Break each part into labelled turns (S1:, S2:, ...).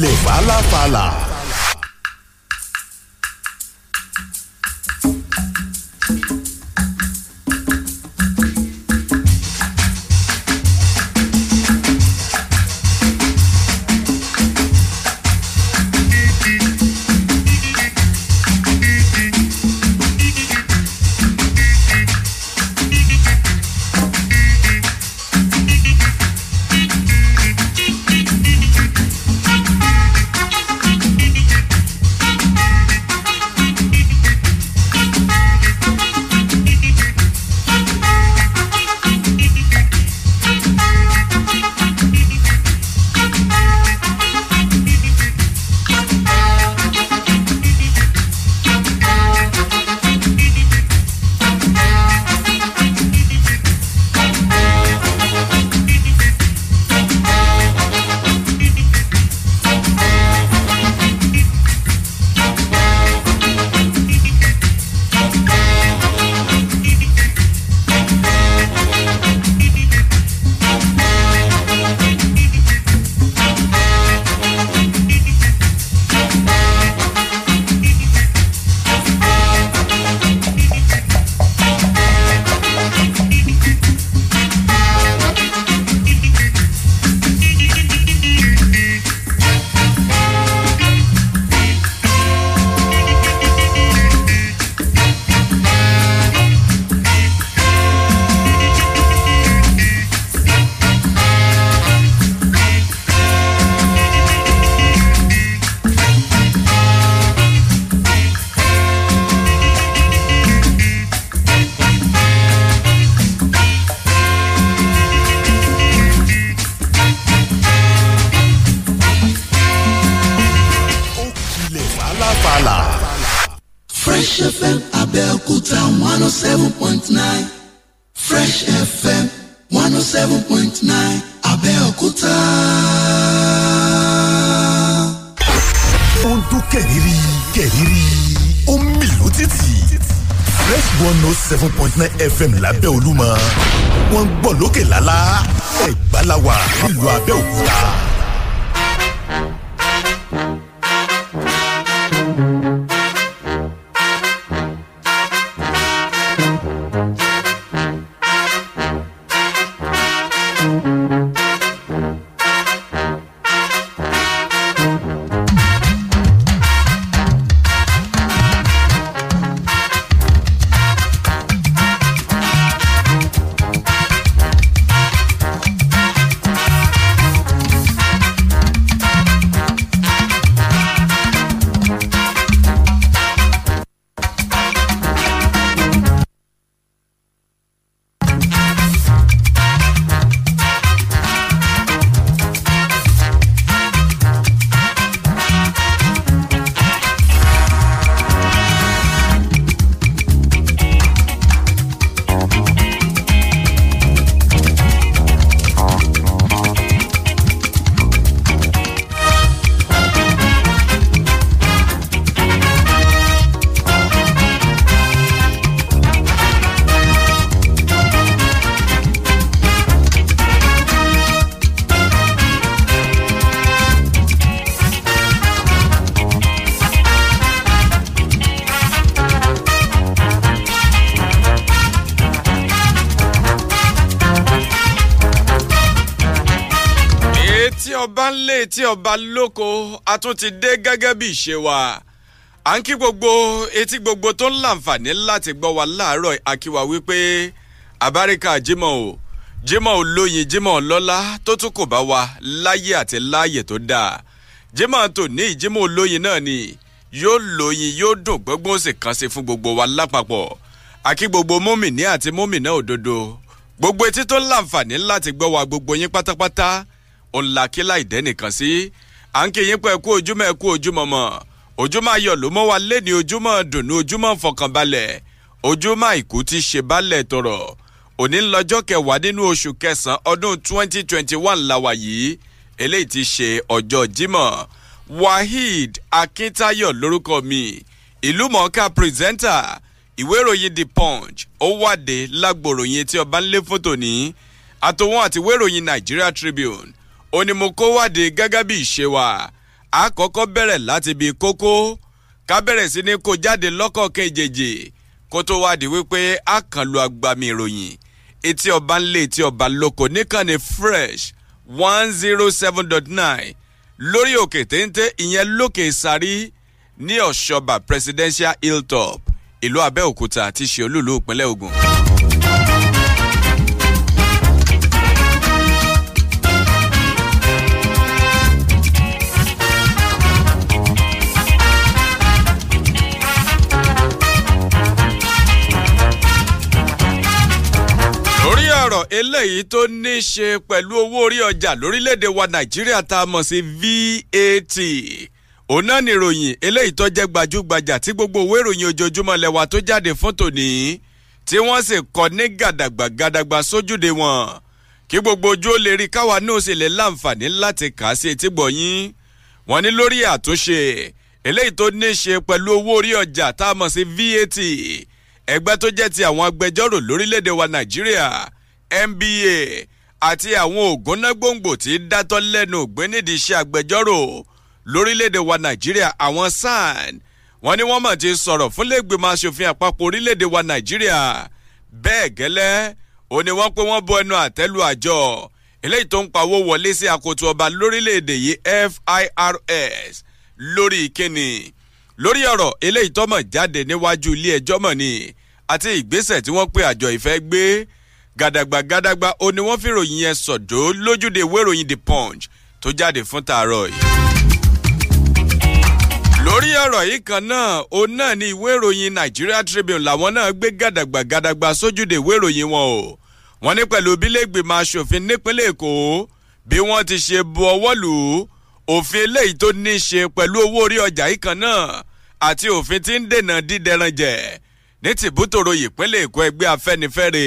S1: Le va la seven Fresh FM 107.9, oh seven point nine Abẹ́òkúta. ó ó ń mì lótìtì Fresh one oh seven point nine FM lábẹ́ Olúmọ wọ́n ń gbọ́ lókè
S2: lálá Ẹ̀gbá la wà nílùú Abẹ́òkúta. ọba ńlé etí ọba lóko a tún ti dé gẹ́gẹ́ bí ìṣe wa à ń kí gbogbo etí gbogbo tó ń láǹfààní láti gbọ́ wa láàárọ̀ akíwa wípé àbáríkà Jímọ̀ o Jímọ̀ olóyin Jímọ̀ ọlọ́lá tó tún kò bá wa láyé àti láàyè tó dáa Jímọ̀ tòní Jímọ̀ olóyin náà ni yóò lóyin yóò dùn gbọ́ngbọ́n sì kan sí fún gbogbo wa lápapọ̀ àkí gbogbo mọ́mìnì àti mọ́mìnà òdodo gbogbo etí tó ń láǹfààní láti gbọ́ wa gbogbo yín pátápátá òun la kí láì dẹ́nìkan sí à ń kí yín pẹ́ kú ojúmọ́ ẹ kú ojúmọ́ mọ́ ojúmọ́ ayọ̀ ló mọ́ wa lé ní ojúmọ́ dùnú ojúmọ́ fọkànbalẹ̀ ojúmọ́ àìkú ti ṣe balẹ̀ tọ̀rọ̀ òní lọ́jọ́ kẹwàá nínú oṣù kẹsàn-án ọdún 2021 làwà yìí eléyìí ti ṣe ọjọ́ Jímọ̀ Waheed Akintayo lórúkọ mi ìlú mọ̀ọ́ká pírẹsẹ́ńtà ìwé ìròyìn The Punch ó wàdé lágbòròyìn etí ọba ńlẹ́ fótó ní àtòwọn àti ìwé ìròyìn Nigeria Tribune ó ní mo kó wádìí gẹ́gẹ́ bí ìṣe wa a kọ́kọ́ bẹ̀rẹ̀ láti ibi kókó ká bẹ̀rẹ̀ sí ní kó jáde lọ́kọ̀ kejèjì kó tó wádìí wípé a kàn lu agbami ìròyìn etí ọba ńlẹ̀ etí ọba lóko níkànnì fresh one zero oh seven dot nine lórí òkè téńté ìyẹn lókè sáré ní ọ̀ṣọ́bà presidential hilltop ìlú abẹ́òkúta tí ṣe olúùlú ìpínlẹ̀ ògùn. ọ̀rọ̀ eléyìí tó ní í ṣe pẹ̀lú owó orí ọjà lórílẹ̀‐èdè wa nàìjíríà tá a mọ̀ sí VAT òun náà nìròyìn eléyìí tó jẹ́ gbajúgbajà tí gbogbo òwe ìròyìn ojoojúmọ́ lẹ́wà tó jáde fún tòní tí wọ́n sì kọ ní gàdàgbà gàdàgbà sójúde wọn kí gbogbo ojú ó lè rí káwa náà sì lè láǹfààní láti kà á sí etí gbọ̀nyìn wọ́n ní lórí àtúnṣe eléyìí tó ní í ṣe pẹ̀lú owó orí ọjà tá a mọ̀ sí VAT ẹgbẹ́ tó jẹ́ ti àwọn agbẹjọ́rò lórílẹ̀‐èdè wa nàìjíríà nba àti àwọn ògúnná gbòǹgbò tí dátọ́ lẹ́nu ògbé nídìí iṣẹ́ agbẹjọ́rò lórílẹ̀ wa nàìjíríà àwọn san wọ́n ní wọ́n mọ̀ ti sọ̀rọ̀ fúnlẹ́gbẹ̀mọ asòfin àpapọ̀ orílẹ̀ wa nàìjíríà bẹ́ẹ̀ gẹ́lẹ́ ó ní wọ́n pé wọ́n bọ ẹnu àtẹ́lu àjọ eléyìí tó ń pawó wọlé sí akoto ọba lórílẹ̀‐èdè yìí firs lórí ìkíni lórí ọ̀rọ̀ eléyìí tó mọ̀ jáde níwájú ilé ẹjọ́ mọ̀ ni àti ìgbésẹ̀ tí wọ́n pé àjọ ìfẹ́ gbé gàdàgbà gàdàgbà ó ní wọ́n fi ròyìn yẹn sọ̀dọ́ lójúde ìwé the punch tó jáde fún tààrọ̀ yìí. lórí ọ̀rọ̀ yìí kan náà òun náà ni ìwé ìròyìn Nigeria Tribune làwọn náà gbé gàdàgbà gàdàgbà sójúde ìwé ìròyìn wọn o wọ́n ní pẹ̀lú bílẹ̀gbìmọ̀ asòfin nípínlẹ̀ Èkó bí wọ́n ti ṣe bu ọwọ́ lù ú òfin eléyìí tó ní í ṣe pẹ̀lú owó orí ọjà yìí kan náà àti òfin tí ń dènà dídẹran ní tìbútòrò ìpínlẹ̀ Èkó ẹgbẹ́ Afẹ́nifẹ́re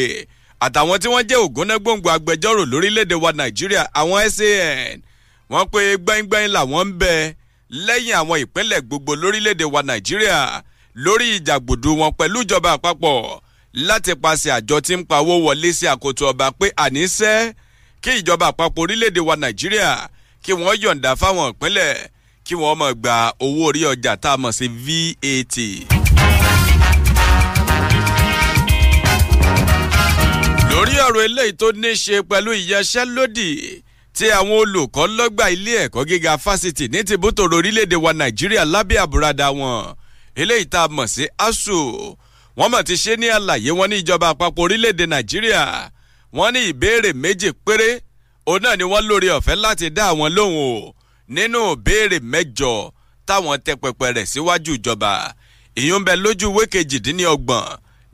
S2: àtàwọn tí wọ́n jẹ́ ògúnnágbòǹgbò agbẹjọ́rò lórílẹ̀‐èdè wa nàìjíríà àwọn SAN wọ́n pé gbẹ́ngbẹ́ng làwọn ń bẹ lẹ́yìn àwọn ìpínlẹ̀ gbogbo lórílẹ̀‐èdè wa nàìjíríà lórí ìjàgbòdo wọn pẹ̀lú ìjọba àpapọ̀ láti paṣẹ àjọ tí ń pawó wọlé sí àkótó ọba pé àníṣe kí ìjọba àpapọ̀ orílẹ̀‐èdè wa nàìjíríà kí wọ́n yọ̀ǹda fáwọn ìpínlẹ̀ kí wọ́n máa gba owó orí ọjà tá a mọ̀ sí VAT. lórí ọ̀rọ̀ eléyìí tó ní ṣe pẹ̀lú ìyanṣẹ́lódì tí àwọn olùkọ́ lọ́gbà ilé ẹ̀kọ́ gíga fásitì ní tìbútòrò orílẹ̀-èdè wa nàìjíríà lábẹ́ àbúradà wọn eléyìí tá a mọ̀ sí asuu wọ́n mọ̀ ti ṣe ní àlàyé wọn ní ìjọba àpapọ̀ orílẹ̀-èdè nàìjíríà wọ́n ní ìbéèrè méjì péré òun náà ni wọ́n lórí ọ̀fẹ́ láti dá àwọn lóhùn o nínú ìbéèrè mẹ́jọ táwọn tẹ pẹpẹ rẹ̀ síwájú ìjọba ìyún bẹ lójú ìwé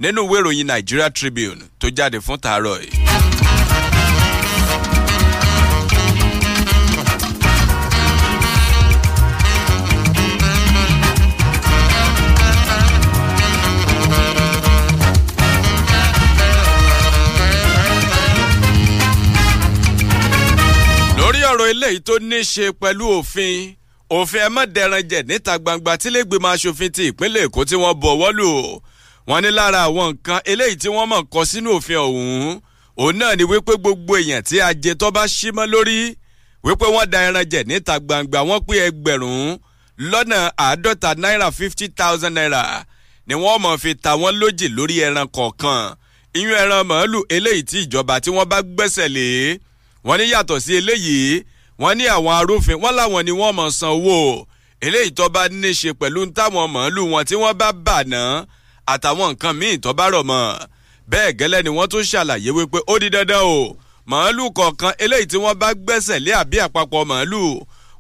S2: nínú ìwé ìròyìn Nigeria Tribune tó jáde fún tàárọ̀ yìí. lórí ọ̀rọ̀ eléyìí tó ní í ṣe pẹ̀lú òfin òfin ẹ má dẹran jẹ níta gbangba tílẹ̀gbìmọ̀ asòfin ti ìpínlẹ̀ Èkó tí wọ́n bọ̀ wọ́lù wọ́n ní lára àwọn nǹkan eléyìí tí wọ́n mọ̀ kọ sínú òfin ọ̀hún òun náà ni wípé gbogbo èèyàn tí ajé tó bá ṣí mọ́ lórí wípé wọ́n da ẹran jẹ̀ níta gbangba wọ́n pé ẹgbẹ̀rún lọ́nà àádọ́ta náírà fifty thousand naira ni wọ́n mọ̀ fi ta wọ́n lójì lórí ẹran kọ̀ọ̀kan iyún ẹran màálù eléyìí tí ìjọba tí wọ́n bá gbẹ́sẹ̀ lé wọ́n ní yàtọ̀ sí eléyìí wọ́n ní àwọn arúfin wọ́n láwọn ni wọ́n mọ̀ san owó eléyìí tó bá ní àtàwọn nǹkan míì tó bá rọ̀ mọ́ bẹ́ẹ̀ gẹ́lẹ́ ni wọ́n tún ṣàlàyé wípé ó di dandan o màálù kọ̀ọ̀kan eléyìí tí wọ́n bá gbẹ́sẹ̀ lé àbí àpapọ̀ màálù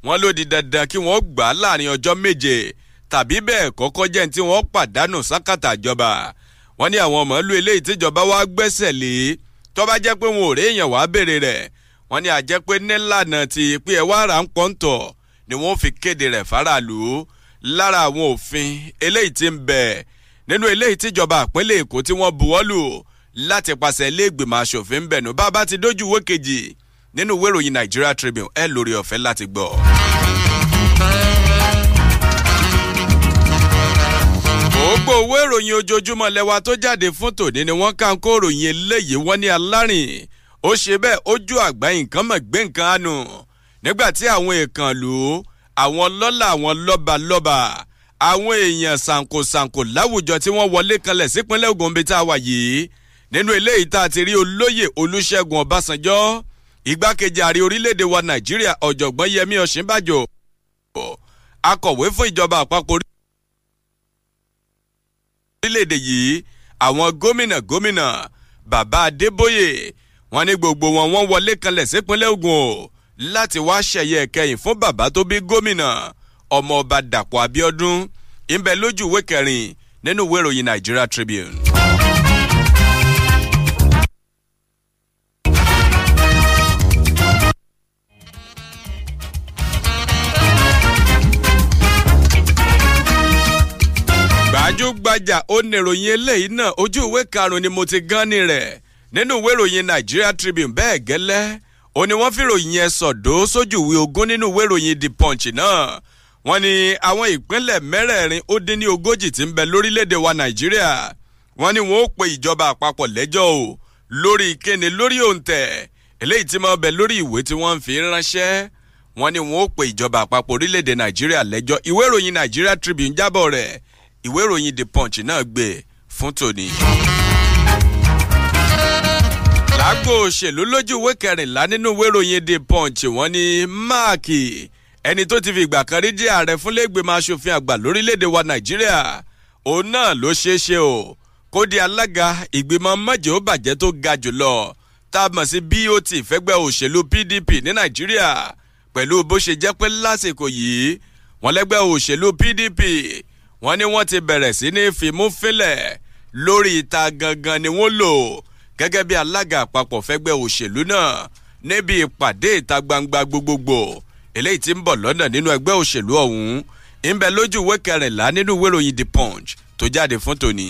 S2: wọ́n ló di dandan kí wọ́n gbà á láàrin ọjọ́ méje tàbí bẹ́ẹ̀ kọ́kọ́ jẹ́ tí wọ́n pàdánù sákàtà ìjọba wọ́n ní àwọn màálù eléyìí tíjọba wá gbẹ́sẹ̀ lé tó bá jẹ́ pé wọn ò réèyàn wá béèrè rẹ̀ wọ́n ní àjẹ́ pé nílànà ti pé ẹ wá ra ń ni wọ́n fi kéde rẹ̀ faraàlú lára àwọn òfin eléyìí tí ń bẹ̀ẹ́ nínú eléyìí tíjọba àpínlẹ̀ èkó tí wọ́n buwọ́lù láti pàṣẹ ilé ìgbìmọ̀ asòfin bẹ̀nu bá a ti dójú ìwé kejì nínú ìwé ìròyìn Nigeria Tribune ẹ lórí ọ̀fẹ́ láti gbọ́. gbogbo owó ìròyìn ojoojúmọ́ lẹ́wà tó jáde fún tòní ni wọ́n kà ń kó ròyìn eléyìí wọ́n ní alárìn ó ṣe bẹ́ẹ̀ ojú àgbá nǹkan mọ̀ gbé nǹkan àánú nígbà tí àwọn èèkàn lù ú àwọn lọ́lá àwọn lọ́balọ́ba àwọn èèyàn ṣàǹkóṣàǹkó láwùjọ tí wọ́n wọlé kanlẹ̀ sípínlẹ̀ Ògùn bíi tá a wà yìí nínú eléyìí tá a ti rí olóyè Olúṣẹ́gun Ọbásanjọ́ igbákejì ààrẹ orílẹ̀-èdè wa Nàìjíríà ọ̀jọ̀gbọ́n Yẹmí Ọ̀ṣínbàjò akọ̀wé fún ìjọba àpapọ̀ orílẹ̀-èdè yìí àwọn gómìnà gómìnà bàbá Adébóyè wọ́n ní gbogbo wọn wọ́n wọlé kanlẹ̀ sípínlẹ̀ Ògùn o láti wá ṣẹ̀yẹ kẹyìn fún bàbá tó bí gómìnà ọmọọba dàpọ̀ abíọ́dún ìbẹ̀ lójú ìwé kẹrin nínú ìwé ìròyìn nigeria tribune. gbajúgbajà oníròyìn eléyìí náà ojú ìwé karùnún ni mo ti gán ni rẹ̀ nínú ìwé ìròyìn nigeria tribune bẹ́ẹ̀ gẹ́lẹ́ ó ní wọ́n fi ròyìn yẹn sọ̀dọ́ sójú ìwé ogún nínú ìwé ìròyìn the punch náà wọ́n ní àwọn ìpínlẹ̀ mẹ́rẹ̀ẹ̀rin ó dín ní ogójì tí ń bẹ lórílẹ̀‐èdè wa nàìjíríà wọ́n ní wọ́n ó pe ìjọba àpapọ̀ lẹ́jọ́ o lórí ìkéde lórí òǹtẹ̀ eléyìí tí máa bẹ lórí ìwé tí wọ́n ń fi ránṣẹ́ wọ́n ní wọ́n ó pe ìjọba àpapọ̀ orílẹ̀‐èdè nàìjíríà lẹ́jọ́ ìwé ìròyìn nàìjíríà tribune jábọ̀ rẹ̀ ìwé ìròyìn the punch náà gbé fún tòní. lágbo òṣèlú lójú ìwé kẹrìnlá nínú ìwé ìròyìn the punch wọ́n ní máàkì ẹni tó ti fi ìgbà kan rí jẹ́ ààrẹ fúnlé ìgbìmọ̀ asòfin àgbà lórílẹ̀‐èdè wa nàìjíríà òun náà ló ṣeé ṣe o kó di alága ìgbìmọ̀ mọ́jẹ́ ó bàjẹ́ tó ga jùlọ tá a mọ̀ sí BOT fẹ́gbẹ́ òṣèlú PDP ní nàìjíríà pẹ̀lú bó ṣe jẹ́ pé lásìkò yìí wọ́n lẹ́gbẹ́ òṣèlú PDP wọ́n ní wọ́n ti bẹ̀rẹ̀ sí ní fìmú fínlẹ̀ lórí ìta gangan ni wọ́n lò gẹ́gẹ́ bí alága àpapọ̀ fẹ́gbẹ́ òṣèlú náà níbi ìpàdé ìta gbangba gbogbogbò eléyìí tí ń bọ̀ lọ́nà nínú ẹgbẹ́ òṣèlú ọ̀hún ń bẹ lójú ìwé kẹrìnlá nínú ìwé ìròyìn the punch tó jáde fún tòní.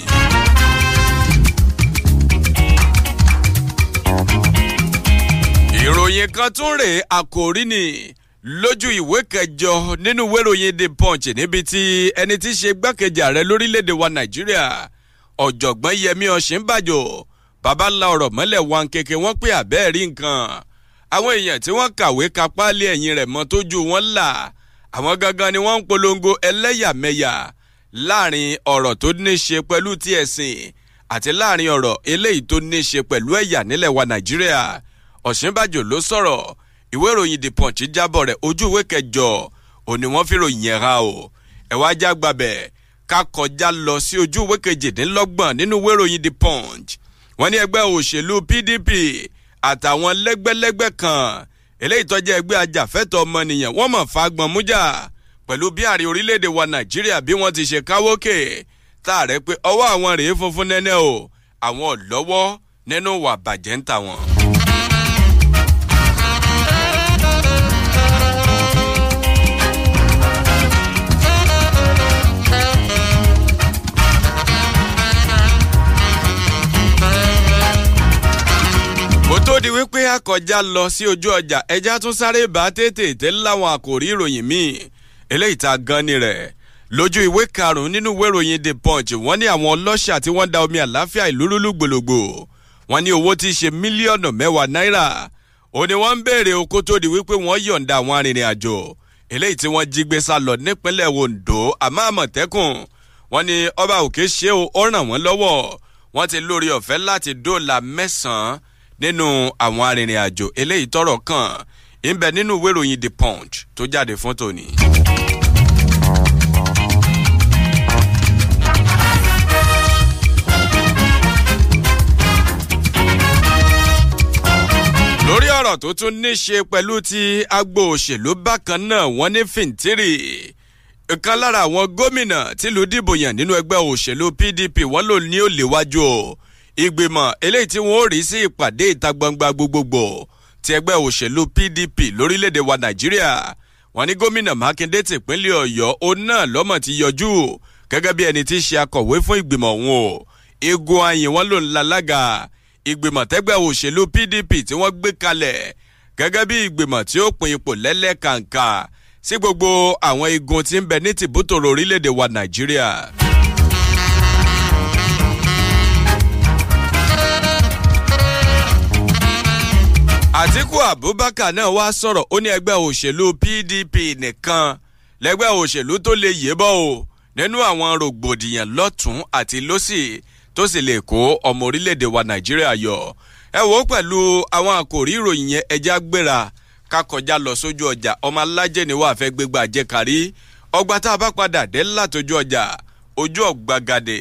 S2: ìròyìn kan tún rèé àkòrí ni lójú ìwé kẹjọ nínú ìwé ìròyìn the punch níbi tí ẹni tí í ṣe gbákejì ààrẹ lórílẹ̀‐èdè wa nàìjíríà ọ̀jọ̀gbọ́n yẹmi ọ̀ṣínbàjò baba ńlá ọ̀rọ̀ mọ́lẹ̀ wọn kéke wọ́n pé àbẹ́ẹ̀rí nǹkan àwọn èèyàn tí wọ́n kàwé kapá lé ẹ̀yìn rẹ̀ mọ́ tójú wọn là àwọn gangan ni wọ́n ń polongo ẹlẹ́yàmẹ̀yà láàrin ọ̀rọ̀ tó ní ṣe pẹ̀lú ti ẹ̀sìn àti láàrin ọ̀rọ̀ eléyìí tó ní ṣe pẹ̀lú ẹ̀yà nílẹ̀ wa Nàìjíríà Ọ̀ṣínbàjò ló sọ̀rọ̀ ìwé ìròyìn The Punch jábọ̀ rẹ̀ ojú ìwé kẹjọ òní wọ́n fi ròyìn yẹn o ẹ wá já gbàbẹ̀ ká kọjá lọ sí ojú ìwé kejìdínlọ́gbọ̀n nínú ìwé ìròyìn The Punch wọ́n ní ẹgbẹ́ òṣèlú PDP àtàwọn lẹ́gbẹ́lẹ́gbẹ́ kan eléyìí tó jẹ́ ẹgbẹ́ ajàfẹ́tọ̀ ọmọnìyàn wọ́n mọ̀ fagbọn mújà pẹ̀lú bí ààrẹ orílẹ̀-èdè wa nàìjíríà bí wọ́n ti ṣe káwókè táàrẹ pé ọwọ́ àwọn rèé funfun nẹ́nẹ́ o àwọn ò lọ́wọ́ nínú wà bàjẹ́ ń ta wọn. tó di wípé akọjá lọ sí ojú ọjà ẹja tún sáré bá tètè tẹ láwọn àkòrí ìròyìn míì eléyìí ta gan ni rẹ̀ lójú ìwé karùnún nínú ìwé ìròyìn the punch wọ́n ní àwọn ọlọ́ṣà tí wọ́n da omi àláfíà ìlú rúlú gbòlògbò wọ́n ní owó tí í ṣe mílíọ̀nù mẹ́wàá náírà ó ní wọ́n ń béèrè oko tó di wípé wọ́n yọ̀ǹda àwọn arìnrìn àjò eléyìí tí wọ́n jí gbé sá lọ nípínlẹ̀ Ondo àmọ́ Àmọ̀tẹ́kùn wọ́n ní ọba òkè ṣe ó ràn wọ́n lọ́wọ́ wọ́n ti lórí ọ̀fẹ́ láti dóòlà mẹ́sàn-án nínú àwọn arìnrìn-àjò eléyìí tọ́rọ̀ kàn ń bẹ nínú ìwé the punch tó jáde fún tòní. lórí ọ̀rọ̀ tó tún ní ṣe pẹ̀lú ti agbo òṣèlú bákan náà wọ́n ní fìntírì ìkan lára àwọn gómìnà tìlú dìbò yàn nínú ẹgbẹ́ òṣèlú PDP wọ́n ló ní ó léwájú o ìgbìmọ̀ eléyìí tí wọ́n ó rí sí ìpàdé ìta gbangba gbogbogbò ti ẹgbẹ́ òṣèlú PDP lórílẹ̀‐èdè wa Nàìjíríà wọ́n ní gómìnà Mákindé tìpínlẹ̀ Ọ̀yọ́ òun náà lọ́mọ ti yọjú gẹ́gẹ́ bí ẹni tí í ṣe akọ̀wé fún ìgbìmọ̀ òun o igun ayìn wọn ló ń lalága ìgbìmọ̀ tẹ́gbẹ́ òṣèlú PDP tí wọ́n gbé kalẹ̀ gẹ́gẹ́ bí ìgbìmọ̀ tí ó pin ipò lẹ́lẹ́kàǹkà sí gbogbo àwọn igun tí ń bẹ ní tìbútòrò orílẹ̀ wa Nàìjíríà. Àtíkù Abubakar náà wá sọ̀rọ̀ ó ní ẹgbẹ́ òṣèlú PDP nìkan lẹ́gbẹ́ òṣèlú tó lè yébọ̀ o nínú àwọn rògbòdìyàn lọ́tún àti lọ́sì tó sì lè kó ọmọ orílẹ̀-èdè wa Nàìjíríà yọ ẹ wò ó pẹ̀lú àwọn àkòrí ìròyìn yẹn ẹja gbéra ká kọjá lọ sójú ọjà ọmọ alájẹ ni wàá fẹ́ gbégbá jẹ́kárí ọgbà tá a bá padà dé látọjú ọjà ojú ọ̀gbagadè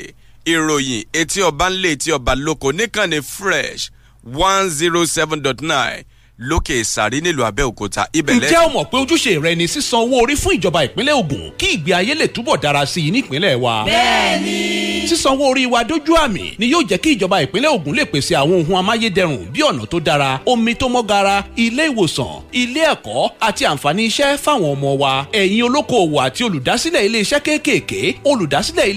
S2: ìròyìn etí ọba ńlẹ̀ etí ọba lóko níkànnì fresh one zero seven dot nine lókè ìsàrí nílùú abẹ́òkúta ibẹ̀lẹ́. ǹjẹ́ o
S3: mọ̀ pé ojúṣe rẹ ni sísan owó orí fún ìjọba ìpínlẹ̀ Ògùn kí ìgbé ayé lè túbọ̀ dára sí i nípínlẹ̀ wa.
S2: bẹ́ẹ̀ni.
S3: sísan owó orí wa dójú àmì ni yóò jẹ́ kí ìjọba ìpínlẹ̀ Ògùn lè pèsè àwọn ohun amáyédẹrùn bí ọ̀nà tó dára omi tó mọ́ gara ilé ìwòsàn ilé ẹ̀kọ́ àti àǹfààní iṣẹ́ fáwọn ọmọ wa ẹ̀yin olókoòwò àti olùdásílẹ̀ ilé iṣẹ́ kéékèèké olùdásílẹ̀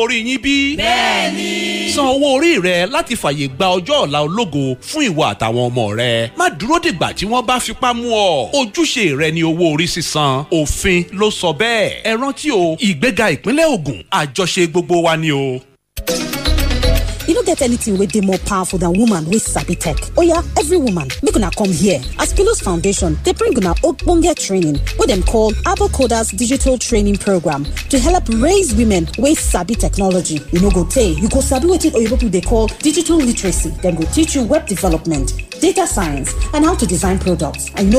S3: owó orí yín bí. bẹ́ẹ̀ni. san owó orí rẹ láti fàyè gba ọjọ́ ọ̀la ológo fún ìwà àtàwọn ọmọ rẹ má dúró dìgbà tí wọ́n bá fipá mú ọ ojúṣe rẹ ni owó orí sísan òfin ló sọ bẹ́ẹ̀ ẹ rántí o ìgbéga ìpínlẹ̀ Ògùn àjọṣe gbogbo wa
S1: ni o.
S4: You don't get anything with the more powerful than woman with sabi tech. Oh yeah, every woman make to come here. As Pillows Foundation, they bring open ogbonge training What them call Coders Digital Training Program to help raise women with sabi technology. You know, go tey, you go sabi wetin oyibo people they call digital literacy. Then go teach you web development, data science and how to design products and in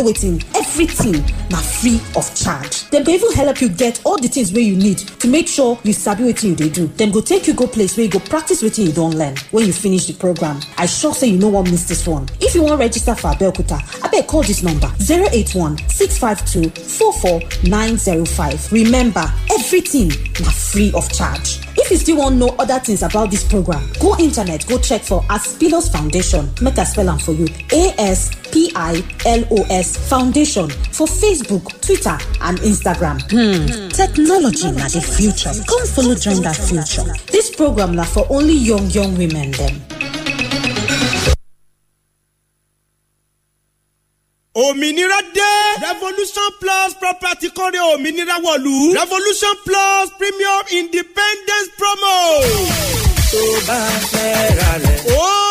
S4: everything now free of charge Then they will help you get all the things where you need to make sure you sabi what you do Then go take you go place where you go practice what you don't learn when you finish the program i sure say you know what miss this one if you want register for I abeg call this number 081 652 44905 remember everything now free of charge you still wan know other things about this program go internet go check for aspilos foundation make a spell for you aspilos foundation for facebook twitter and instagram hmm technology is the future come follow join that future This program is for only young young women Then.
S3: òmìnira dé. revolution plus property kọ́rẹ́ òmìnira wọ̀lú. revolution plus premium independence promo. tó bá fẹ́ ra lẹ̀. ooo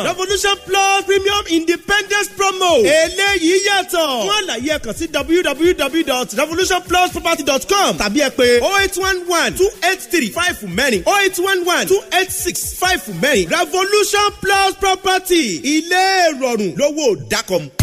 S3: revolution. plus premium independence promo. eléyìí yàtọ̀. fún àlàyé ẹ kàn sí www.revolutionplusproperty.com tàbí ẹ pè oh eight one one two eight three five fún mẹ́rin oh eight one one two eight six five fún mẹ́rin revolution plus property ilé ìrọ̀rùn lówó dákọ̀mù.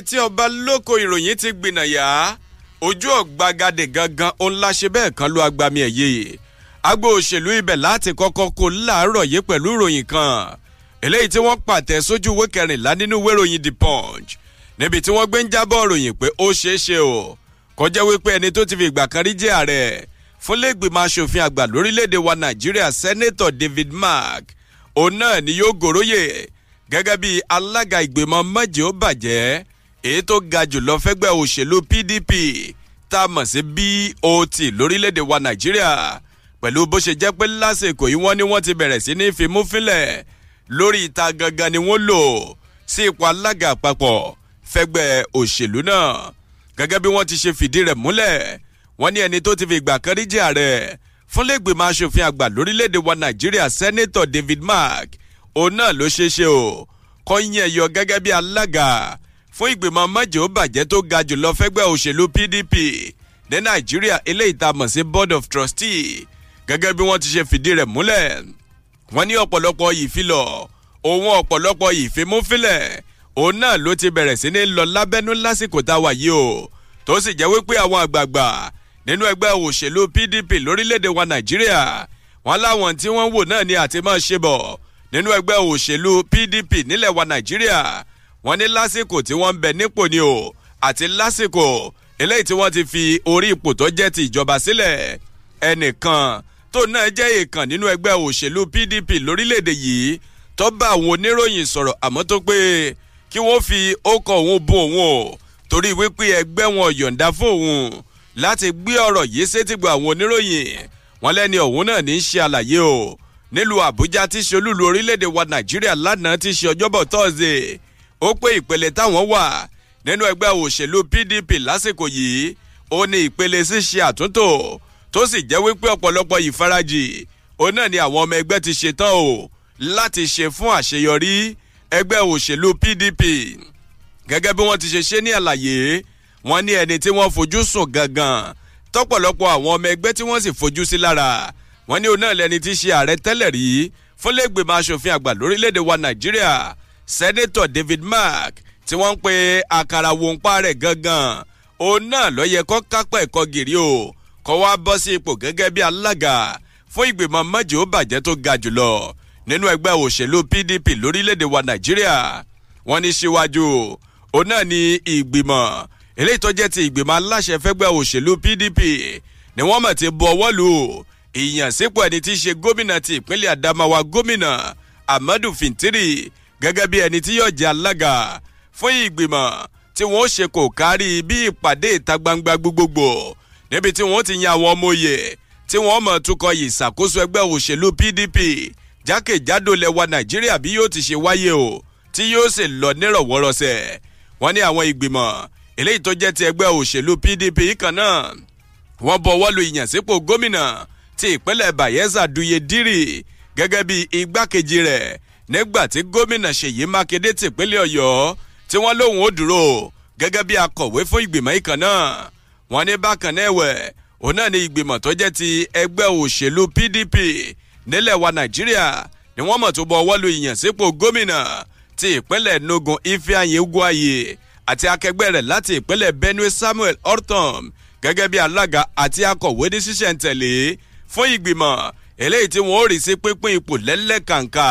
S2: etí ọba lóko ìròyìn ti gbìnàyà ojú ọ̀gbagadè gangan òun la ṣe bẹ́ẹ̀ kan ló agbami ẹ̀yẹ agbo òṣèlú ibẹ̀ láti kọ́kọ́ kó láàárọ̀ yìí pẹ̀lú ìròyìn kan eléyìí tí wọ́n pàtẹ sójú ìwé kẹrìnlá nínú ìwé ìròyìn the punch níbi tí wọ́n gbé ń jábọ̀ ròyìn pé ó ṣeé ṣe o kó jẹ́ wípé ẹni tó ti fi ìgbà kan rí jẹ́ ààrẹ fúnlẹ́gbìmọ̀ asòfin àgbà lórílẹ̀‐èdè wa nàìjíríà sẹ́nẹ́tọ̀ david mark òun náà ni yóò gòròyè gẹ́gẹ́ bí alága ìgbìmọ̀ mọ́jẹ́ ó bàjẹ́ èyí tó ga jùlọ fẹ́gbẹ́ òṣèlú PDP tá a mọ̀ sí BOT lórílẹ̀ wa Nàìjíríà pẹ̀lú bó ṣe jẹ́ pé lásìkò yìí wọ́n ní wọ́n ti bẹ̀rẹ̀ sí ní fimúfínlẹ̀ lórí ìta gangan ni wọ́n lò sí ipò alága àpapọ̀ fẹ́gbẹ́ òṣèlú náà gẹ́gẹ́ bí wọ́n ti ṣe fìdí rẹ̀ múlẹ̀ wọ́n ní ẹni tó ti fi ìgbà kan rí jẹ́ ààrẹ fúnlẹ́gbìmọ̀ aṣòfin àgbà lórílẹ̀ wa Nàìjíríà sẹ́nẹ́tọ̀ David Mark òun náà ló ṣeé ṣe o kọ́ yín ẹ̀yọ gẹ́gẹ́ bí alága fún ìgbìmọ̀ mọ́jọ́ bàjẹ́ tó ga jùlọ fẹ́gbẹ́ òṣèlú PDP ní Nàìjíríà eléyìí tá a mọ̀ sí Board of Trustee gẹ́gẹ́ bí wọ́n ti ṣe fìdí rẹ̀ múlẹ̀ wọ́n ní ọ̀pọ̀lọpọ̀ ìfilọ̀ òun ọ̀pọ̀lọpọ̀ ìfimúfilẹ̀ òun náà ló ti bẹ̀rẹ̀ sí ní lọ lábẹ́nú lásìkò tá a wà yìí o tó sì jẹ́ wípé àwọn àgbààgbà nínú ẹgbẹ́ òṣèlú PDP lórílẹ̀‐èdè wa Nàìjíríà wọn láwọn tí wọ́n wò náà ni àti máa ṣe bọ̀ nínú ẹgbẹ́ òṣèlú PDP nílẹ̀ wa Nàìjíríà wọ́n ní lásìkò tí wọ́n ń bẹ nípò ni o àti lásìkò eléyìí tí wọ́n ti fi orí ipò tó jẹ́ ti ìjọba sílẹ̀ ẹnìkan tó náà jẹ́ èèkàn nínú ẹgbẹ́ òṣèlú PDP lórílẹ̀‐èdè yìí tó bá àwọn oníròyìn sọ̀rọ̀ àmọ́ tó pé kí wọ́n fi ókọ̀ òun bo òun o torí wípé ẹgbẹ́ wọn yọ̀ǹda fún òun láti gbé ọ̀rọ̀ yìí sétígbà àwọn oníròyìn wọn lẹ́ni ọ̀hún náà ní í ṣe àlàyé o nílùú Àbújá tí ṣe olúlu wa Nàìjíríà lánàá tí ṣe Ọjọ́bọ̀ Thursday ó pé ìpele táwọn wà nínú ẹgbẹ́ òṣèlú pdp lásìkò yìí ó ní ìpele ṣíṣe àtúntò tó sì jẹ́ wípé ọ̀pọ̀lọpọ̀ ìfarajì òun náà ni àwọn ọmọ ẹgbẹ́ ti ṣe tán o láti ṣe fún àṣeyọrí ẹgbẹ́ òṣèlú pdp gẹ́gẹ́ bí wọ́n ti ṣe ṣe ní àlàyé wọ́n ní ẹni tí wọ́n fojú sùn gangan tọ́pọ̀lọpọ̀ àwọn ọmọ ẹgbẹ́ tí wọ́n sì fojú sí lára wọ́n ní òun náà lẹni tí ṣe ààrẹ tẹ́lẹ̀ rí fúnlẹ́gbẹ̀mọ asòfin àgbà lórílẹ̀‐èdè wa nàìjíríà sẹ́nẹ́tọ̀ David Mark tí wọ́n ń pe àkàrà wòǹpa rẹ̀ gangan òun náà ló yẹ kó kápẹ́ ẹ̀kọ́ gírí o kó wá bọ́ sí ipò gẹ́gẹ́ bí alága fún ìgbìmọ̀ mẹ́jọ ó bàjẹ́ tó ga jùlọ nínú ẹgbẹ́ òṣèlú PDP lórílẹ̀‐èdè wa Nàìjíríà wọ́n ní síwájú òun náà ni ìgbìmọ̀ eléyìí tó jẹ́ ti ìgbìmọ̀ aláṣẹ fẹ́gbẹ́ òṣèlú PDP ni wọ́n mọ̀ ti bu ọwọ́ lù ìyànsípò ẹni tí í ṣe gómìnà ti ìpínlẹ̀ Adamawa gómìnà Amadu Fintiri gẹ́gẹ́ bí ẹni tí yóò jẹ́ alága fún ìgbìmọ̀ tí wọ́n ṣe kò kárí bí ìpàdé ìta gbangba gbogbogbò níbi tí wọ́n ti yan àwọn ọmọ oyè tí wọ́n mọ̀ tukọ̀ yìí ṣàkóso ẹgbẹ́ òṣèlú PDP jákèjádò lẹwa Nàìjíríà bí yóò ti ṣe wáyé o tí yóò sì lọ nírọ̀wọ́rọ̀sẹ̀ wọ́n ní àwọn ìgbìmọ̀ eléyìí tó jẹ́ ti ẹgbẹ́ òṣèlú PDP kan náà wọ́n bọwọ́ lu ìyànsípò gómìnà ti ìpínlẹ̀ Bayelsa Duye Diri gẹ́gẹ́ bí igbákejì rẹ̀ nígbà tí gómìnà ṣèyí mákindé tìpínlẹ̀ ọ̀yọ́ tí wọ́n lóun ó dúró gẹ́gẹ́ bí akọ̀wé fún ìgbìmọ̀ ìkan náà wọ́n ní bákan náà ẹ̀wẹ̀ òun náà ní ìgbìmọ̀ tó jẹ́ ti ẹgbẹ́ òṣèlú pdp nílẹ̀ wa nàìjíríà ni wọ́n mọ̀ tó bọ ọwọ́ lu ìyànsípò gómìnà ti ìpínlẹ̀ nogun ifeanyi ugwaye àti akẹgbẹ́ rẹ̀ láti ìpínlẹ̀ benue samuel ortom gẹ́gẹ́ bí alága àti akọ̀wé ní ṣíṣẹ̀ntẹ̀lé fún ìgbìmọ̀ eléyìí tí wọ́n ó rí sí pínpín ipò lẹ́lẹ́kàǹkà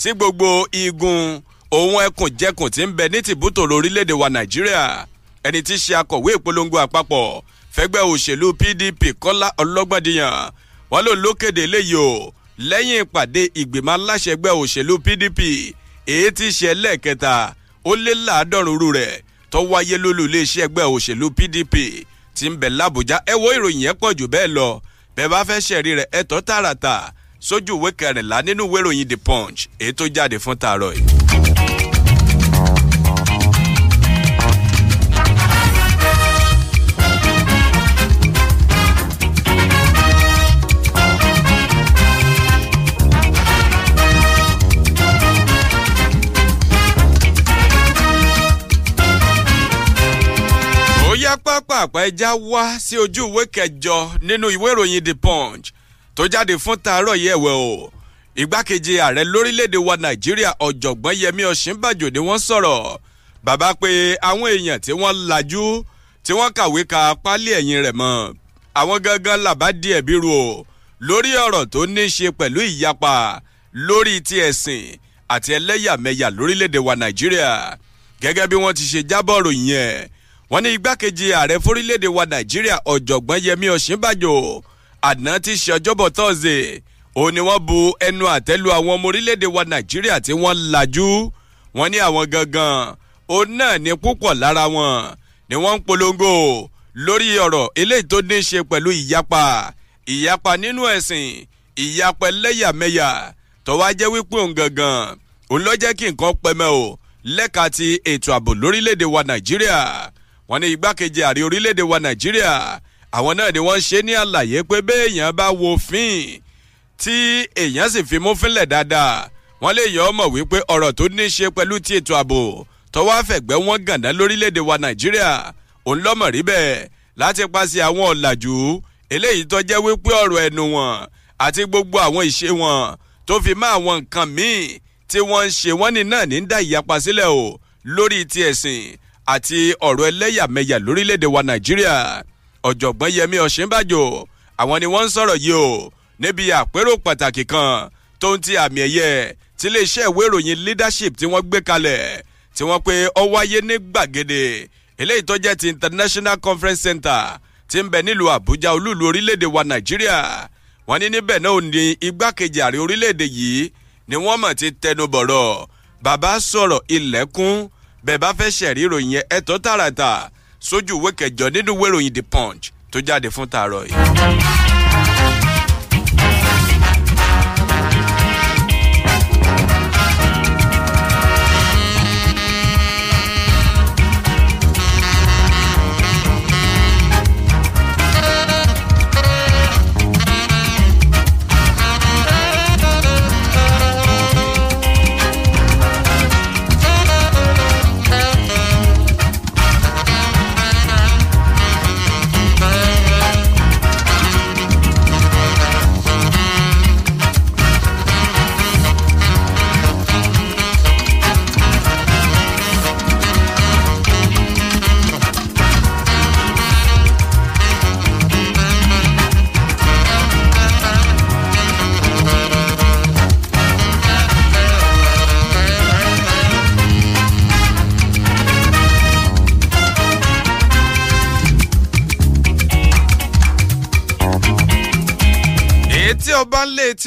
S2: sí gbogbo igun òun ẹkùn jẹkùn tí ń bẹ ní tìbútò lórílẹ̀‐èdè wa nàìjíríà ẹni tí í ṣe akọ̀wé ìpolongo àpapọ̀ fẹ́gbẹ́ òṣèlú pdp kọ́lá ọlọ́gbàdìyàn wọn ló lókèdè eléyìí o lẹ́yìn ìpàdé ìgbìmọ̀ aláṣẹ ẹgbẹ́ òṣèlú pdp èyí tí í ṣe ẹlẹ́ẹ̀kẹta ó lé láàádọ́rùn-ún rẹ̀ tó wáyé lólú iléeṣẹ́ ẹgbẹ́ òṣèlú pdp tí ń bẹ lábújá ẹ wo ìròyìn yẹn pọ̀ jù bẹ́ẹ̀ lọ bẹ́ẹ̀ bá fẹ́ ṣẹ̀rí rẹ̀ ẹ̀tọ́ tààràtà sójú ìwé kẹrìnlá nínú ìwé ìròyìn the punch èyí tó jáde fún tààrọ̀ yìí. ó yá pápá àpá ẹja wá sí ojú ìwé kẹjọ nínú ìwé ìròyìn the punch tó jáde fún tàárọ̀ yìí ẹ̀wẹ̀ o igbákejì ààrẹ lórílẹ̀‐èdè wa nàìjíríà ọ̀jọ̀gbọ́n yẹmí ọ̀ṣínbàjò ni wọ́n sọ̀rọ̀ bàbá pé àwọn èèyàn tí wọ́n lajú tí wọ́n kàwé ka pálí ẹ̀yìn rẹ̀ mọ́ àwọn gangan làbá di ẹ̀bí o lórí ọ̀rọ̀ tó ní í ṣe pẹ̀lú ìyapa lórí ti ẹ̀sìn àti ẹlẹ́yàmẹ̀yà lórílẹ̀‐èdè wa nàìjíríà gẹ́gẹ́ bí wọ́n ti ṣe jábọ̀ ròyìn ẹ̀ wọ́n ní igbákejì ààrẹ fórílẹ̀‐èdè wa nàìjíríà ọ̀jọ̀gbọ́n yẹmí ọ̀ṣínbàjò àná tí ṣe ọjọ́bọ̀ thursday ó ní wọ́n bu ẹnu àtẹ́lu àwọn ọmọ orílẹ̀-èdè wa nàìjíríà tí wọ́n lajú wọ́n ní àwọn gangan òun náà ní púpọ̀ lára wọn ni wọ́n ń polongo lórí ọ̀rọ̀ eléyìí tó ní í ṣe pẹ̀lú ìyapa ìyapa nínú ẹ̀sìn ìyapa ẹlẹ́yàmẹ̀yà tó wá jẹ́ wípé òun gangan òun ló kí nǹkan pẹ́mẹ́ o lẹ́ka ti ètò ààbò lórílẹ̀‐èdè wa nàìjíríà wọ́n ní igbákejì ààrẹ orílẹ̀‐èdè wa nàìjíríà àwọn náà ni wọ́n ṣe ní àlàyé pé béèyàn bá wo fín tí èèyàn sì fi mú fínlẹ̀ dáadáa wọ́n lè yọ ọmọ wípé ọ̀rọ̀ tó ní í ṣe pẹ̀lú ti ètò ààbò tọwọ́ àfẹ̀gbẹ́ wọn gànà lórílẹ̀‐èdè wa nàìjíríà òun lọ́mọ̀ rí bẹ́ẹ̀ láti paṣẹ àwọn ọ̀làjú eléyìí tó jẹ́ wípé ọ̀rọ̀ ẹnu wọn àti gbogbo àwọn ìṣe wọn tó fi mọ́ àwọn nǹkan míì tí wọ́n ń ṣe wọ́n ní náà ní dá ìyapa sílẹ̀ o lórí ti ẹ̀sìn àti ọ̀rọ̀ ẹlẹ́yàmẹ̀yà lórílẹ̀‐èdè wa nàìjíríà ọ̀jọ̀gbọ́n yẹmi ọ̀ṣínbàjò àwọn ni wọ́n ń sọ̀rọ̀ yìí o níbi àpérò pàtàkì kan tó ń ti àmì ẹ̀yẹ tí iléeṣẹ́ ìwé ìròyìn leadership tí wọ́n gbé kalẹ̀ tí wọ́n pe ó wáyé ní gbàgede eléyìí tó jẹ́ ti international conference center tí ń bẹ nílùú àbújá olúlu orílẹ̀-èdè wa nàìjíríà wọ́n ní níbẹ̀ náà ní igbákejì ààrẹ orílẹ̀-èdè yìí ni wọ́n mọ̀ ti tẹnu bọ̀rọ̀ bàbá sọ̀rọ̀ ilẹ̀kùn bẹ́ẹ̀ bá fẹ́ ṣẹ̀rí ìròyìn ẹ̀tọ́ tààràtà sójú ìwé kẹjọ nínú ìwé ìròyìn the punch tó jáde fún tààrọ yìí.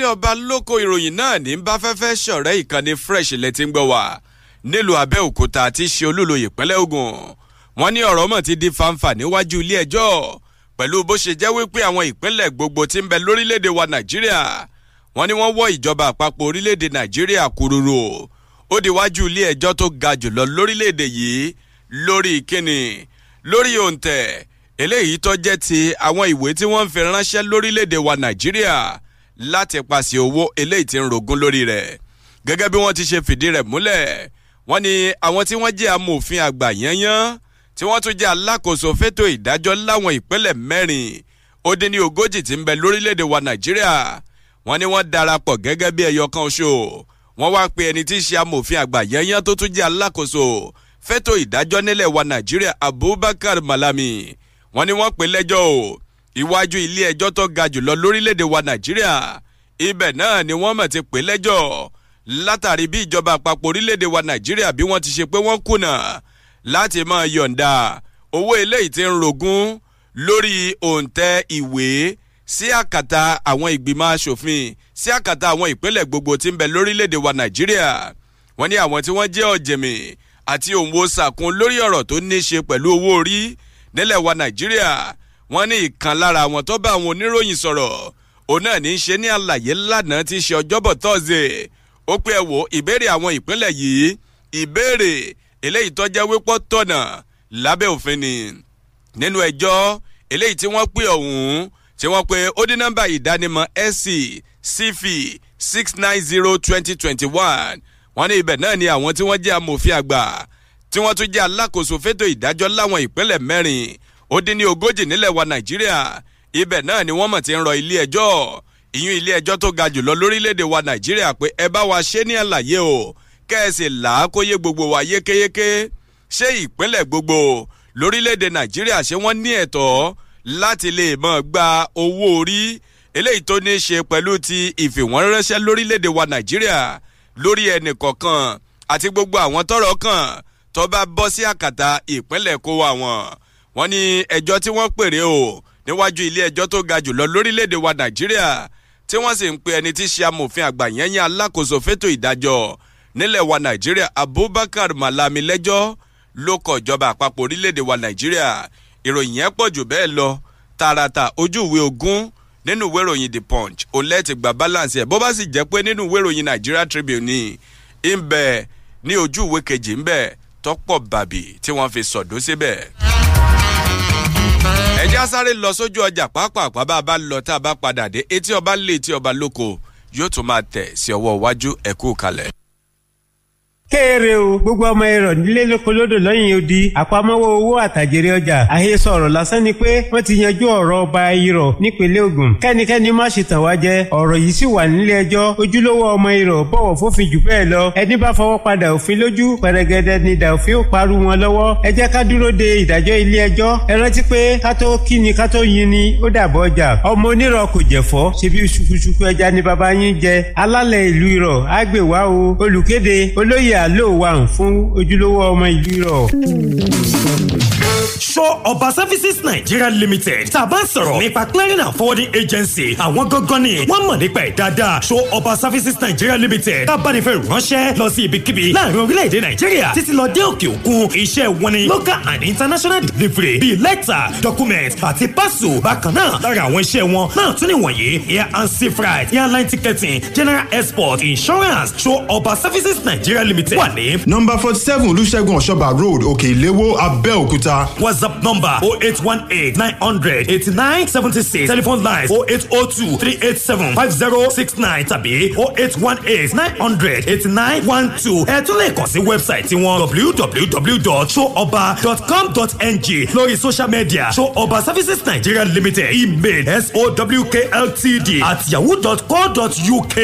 S2: tí ọba lóko ìròyìn náà ní bá fẹ́fẹ́ ṣọ̀rẹ́ ìkànnì fresh lẹ ti ń gbọ́ wá nílùú Abẹ́òkúta tí í ṣe olúloyè ìpínlẹ̀ Ògùn wọ́n ní ọ̀rọ̀ mọ̀ ti di fanfa níwájú ilé ẹjọ́ pẹ̀lú bó ṣe jẹ́ wípé àwọn ìpínlẹ̀ gbogbo tí ń bẹ lórílẹ̀‐èdè wa Nàìjíríà wọ́n ní wọ́n wọ́ ìjọba àpapọ̀ orílẹ̀‐èdè Nàìjíríà kúrúrú ó di wájú ilé ẹjọ́ tó ga jùlọ lórílẹ̀‐èdè yìí lórí ìkíni lórí òǹtẹ̀ eléyìí tó jẹ́ ti àwọn ìwé tí wọ́n ń fi ránṣẹ́ lórílẹ̀‐èdè wa Nàìjíríà láti paṣẹ owó eléyìí tí ń rogún lórí rẹ̀ gẹ́gẹ́ bí wọ́n ti ṣe fìdí rẹ̀ múlẹ̀ wọ́n ní àwọn tí wọ́n jẹ́ amòfin àgbà yányán tí wọ́n tún jẹ́ alákòóso fétò ìdájọ́ láwọn ìpínlẹ̀ mẹ́rin ó dín ní ogójì tí ń bẹ lórílẹ̀ wa nàìjíríà wọ́n ní wọ́n darapọ̀ gẹ́gẹ́ bí ẹyọ kan ṣo wọ́n wá pe ẹni tí í ṣe amòfin àgbà yányán tó tún jẹ́ alákòóso fétò ìdájọ́ nílẹ̀ wa nàìjíríà abubakar malami wọ́n ní wọ́n pè lẹ́jọ́ o iwájú ilé ẹjọ́ tó ga jùlọ lórílẹ̀‐èdè wa nàìjíríà ibẹ̀ náà ni wọ́n mọ̀ ti pè lẹ́jọ́ látàrí bí ìjọba àpapọ̀ orílẹ̀‐èdè wa nàìjíríà bí wọ́n ti ṣe pé wọ́n kùnà láti máa yọ̀ǹda owó eléyìí ti ń rogún lórí òǹtẹ̀ ìwé sí àkàtà àwọn ìgbìmọ̀ asòfin sí àkàtà àwọn ìpínlẹ̀ gbogbo tí ń bẹ lórílẹ̀‐èdè wa nàìjíríà wọ́n ní àwọn tí wọ́n jẹ́ ọ̀jẹ̀mì àti òǹwo sàkún lórí ọ̀rọ̀ tó ní pẹ̀lú owó orí nílẹ̀ wa nàìjíríà wọ́n ní ìkan lára àwọn tó bá àwọn oníròyìn sọ̀rọ̀ òun náà ní í ṣe ní àlàyé lánàá tí í ṣe ọjọ́bọ̀ tọ́sídẹ̀ẹ́ ó pé ẹ wò ìbéèrè àwọn ìpínlẹ̀ yìí ìbéèrè eléyìí tó jẹ́ wípọ́ tọ̀nà òfin ni nínú ẹjọ́ eléyìí tí wọ́n pè ọ̀hún tí wọ́n pe ó dín nọ́mbà ìdánimọ̀ SC CF six nine zero twenty twenty one wọ́n ní ibẹ̀ náà ni àwọn tí wọ́n jẹ́ amòfin àgbà tí wọ́n tún jẹ́ alákòóso fétò ìdájọ́ láwọn ìpínlẹ̀ mẹ́rin ó dín ní ogójì nílẹ̀ wa nàìjíríà ibẹ̀ náà ni wọ́n mọ̀ ti ń rọ ilé ẹjọ́ ìyún ilé ẹjọ́ tó ga jùlọ lórílẹ̀‐èdè wa nàìjíríà pé ẹ bá wa ṣe ní àlàyé o kẹ́ẹ̀sì làákóyè gbogbo wa yékéyéké ṣé ìpínlẹ̀ gbogbo lórílẹ̀‐èdè nàìjíríà ṣé wọ́n ní ẹ̀tọ́ láti lè mọ̀ gba owó orí eléyìí tó ní í ṣe pẹ̀lú ti ìfìwọ́nránṣẹ́ lórílẹ̀‐èdè wa nàìjíríà lórí ẹnì kọ̀ọ̀kan àti gbogbo àwọn tọ́rọ̀ kàn tó bá bọ́ sí àkàtà ìpínlẹ̀ kó wa wọn wọ́n ní ẹjọ́ tí wọ́n pèrè o níwájú ilé ẹjọ́ tó ga jùlọ lórílẹ̀‐èdè wa nàìjíríà tí wọ́n sì ń pe ẹni tí í ṣe amòfin àgbà yẹn yẹn alákòóso fétò ìdájọ́ nílẹ̀ wa nàìjíríà abubakar malami lẹ́jọ́ ló kọ ìjọba àpapọ̀ orílẹ̀ wa nàìjíríà ìròyìn yẹn pọ̀ jù bẹ́ẹ̀ lọ tààràtà ojú ìwé nínú ìwé ìròyìn the punch olẹ́ẹ̀tì gba balance ẹ̀ bó bá sì jẹ́ pé nínú ìwé ìròyìn nigeria tribune ni ń bẹ ní ojú ìwé kejì ń bẹ tọ́pọ̀ bàbí tí wọ́n fi sọ̀dún síbẹ̀ ẹjẹ́ sáré lọ sójú ọjà pàápàá bá a bá lọ tá a bá padà dé etí ọba lé etí ọba lóko yóò tún máa tẹ̀ sí ọwọ́ iwájú ẹ̀kú kalẹ̀ kéèrè
S3: o gbogbo ọmọ ẹrọ nílé lóko lódò lọ́yìn odi àpamọ́wọ́ owó àtàjèrè ọjà àhesọ ọ̀rọ̀ lásán ni pé wọ́n ti yanjú ọ̀rọ̀ ọba irọ̀ nípínlẹ̀ Ògùn kẹ́nikẹ́ni má ṣe tàn wá jẹ ọ̀rọ̀ yìí sì wà nílé ẹjọ́ ojúlówó ọmọ irọ̀ bọ̀wọ̀ fófin jù bẹ́ẹ̀ lọ ẹni bá fọwọ́ padà òfin lójú pẹ̀rẹ̀gẹ̀dẹ̀ ni dàòfin ó parú wọn lọ́wọ́ ẹ jẹ́ ká dúró de ìdájọ́ ilé ẹjọ́ ẹ rántí pé ká tó kí ni ká tó yin ni ó dàbọ̀ ọjà ọmọ onírọ̀ kò jẹ̀fọ́ ṣebí ṣukuṣuku ẹja àlò wa ń fún ojúlówó ọmọ ìlú Sọ Ọba Services Nigeria Limited tá a bá ń sọ̀rọ̀ nípa clearing and forwarding agency àwọn gangan ni wọ́n mọ̀ nípa ẹ̀ dáadáa. Sọ Ọba Services Nigeria Limited tá a bá ní fẹ́ ránṣẹ́ lọ sí ibikíbi láàrin orílẹ̀-èdè Nàìjíríà títí lọ dé òkè òkun iṣẹ́ wọn ni local and international delivery bíi lẹ́tà document àti pásù bákan náà lára àwọn iṣẹ́ wọn náà tún níwọ̀nyí air and sea freight airline ticketing general export insurance Sọ Ọba Services Nigeria Limited limited wà number forty seven olùṣègùn ọ̀ṣọ́bà road òkè ìléwó abẹ́òkúta. whatsapp number oh eight one eight nine hundred eighty nine seventy six telephone lines oh eight oh two three eight seven five zero six nine tàbí oh eight one eight nine hundred eighty nine one two ẹ tún lè kàn sí wẹ́bsáìtì tiwọn www.showoba.com.ng lórí social media showoba services nigeria limited email sowkltd at
S1: yahoo.co.uk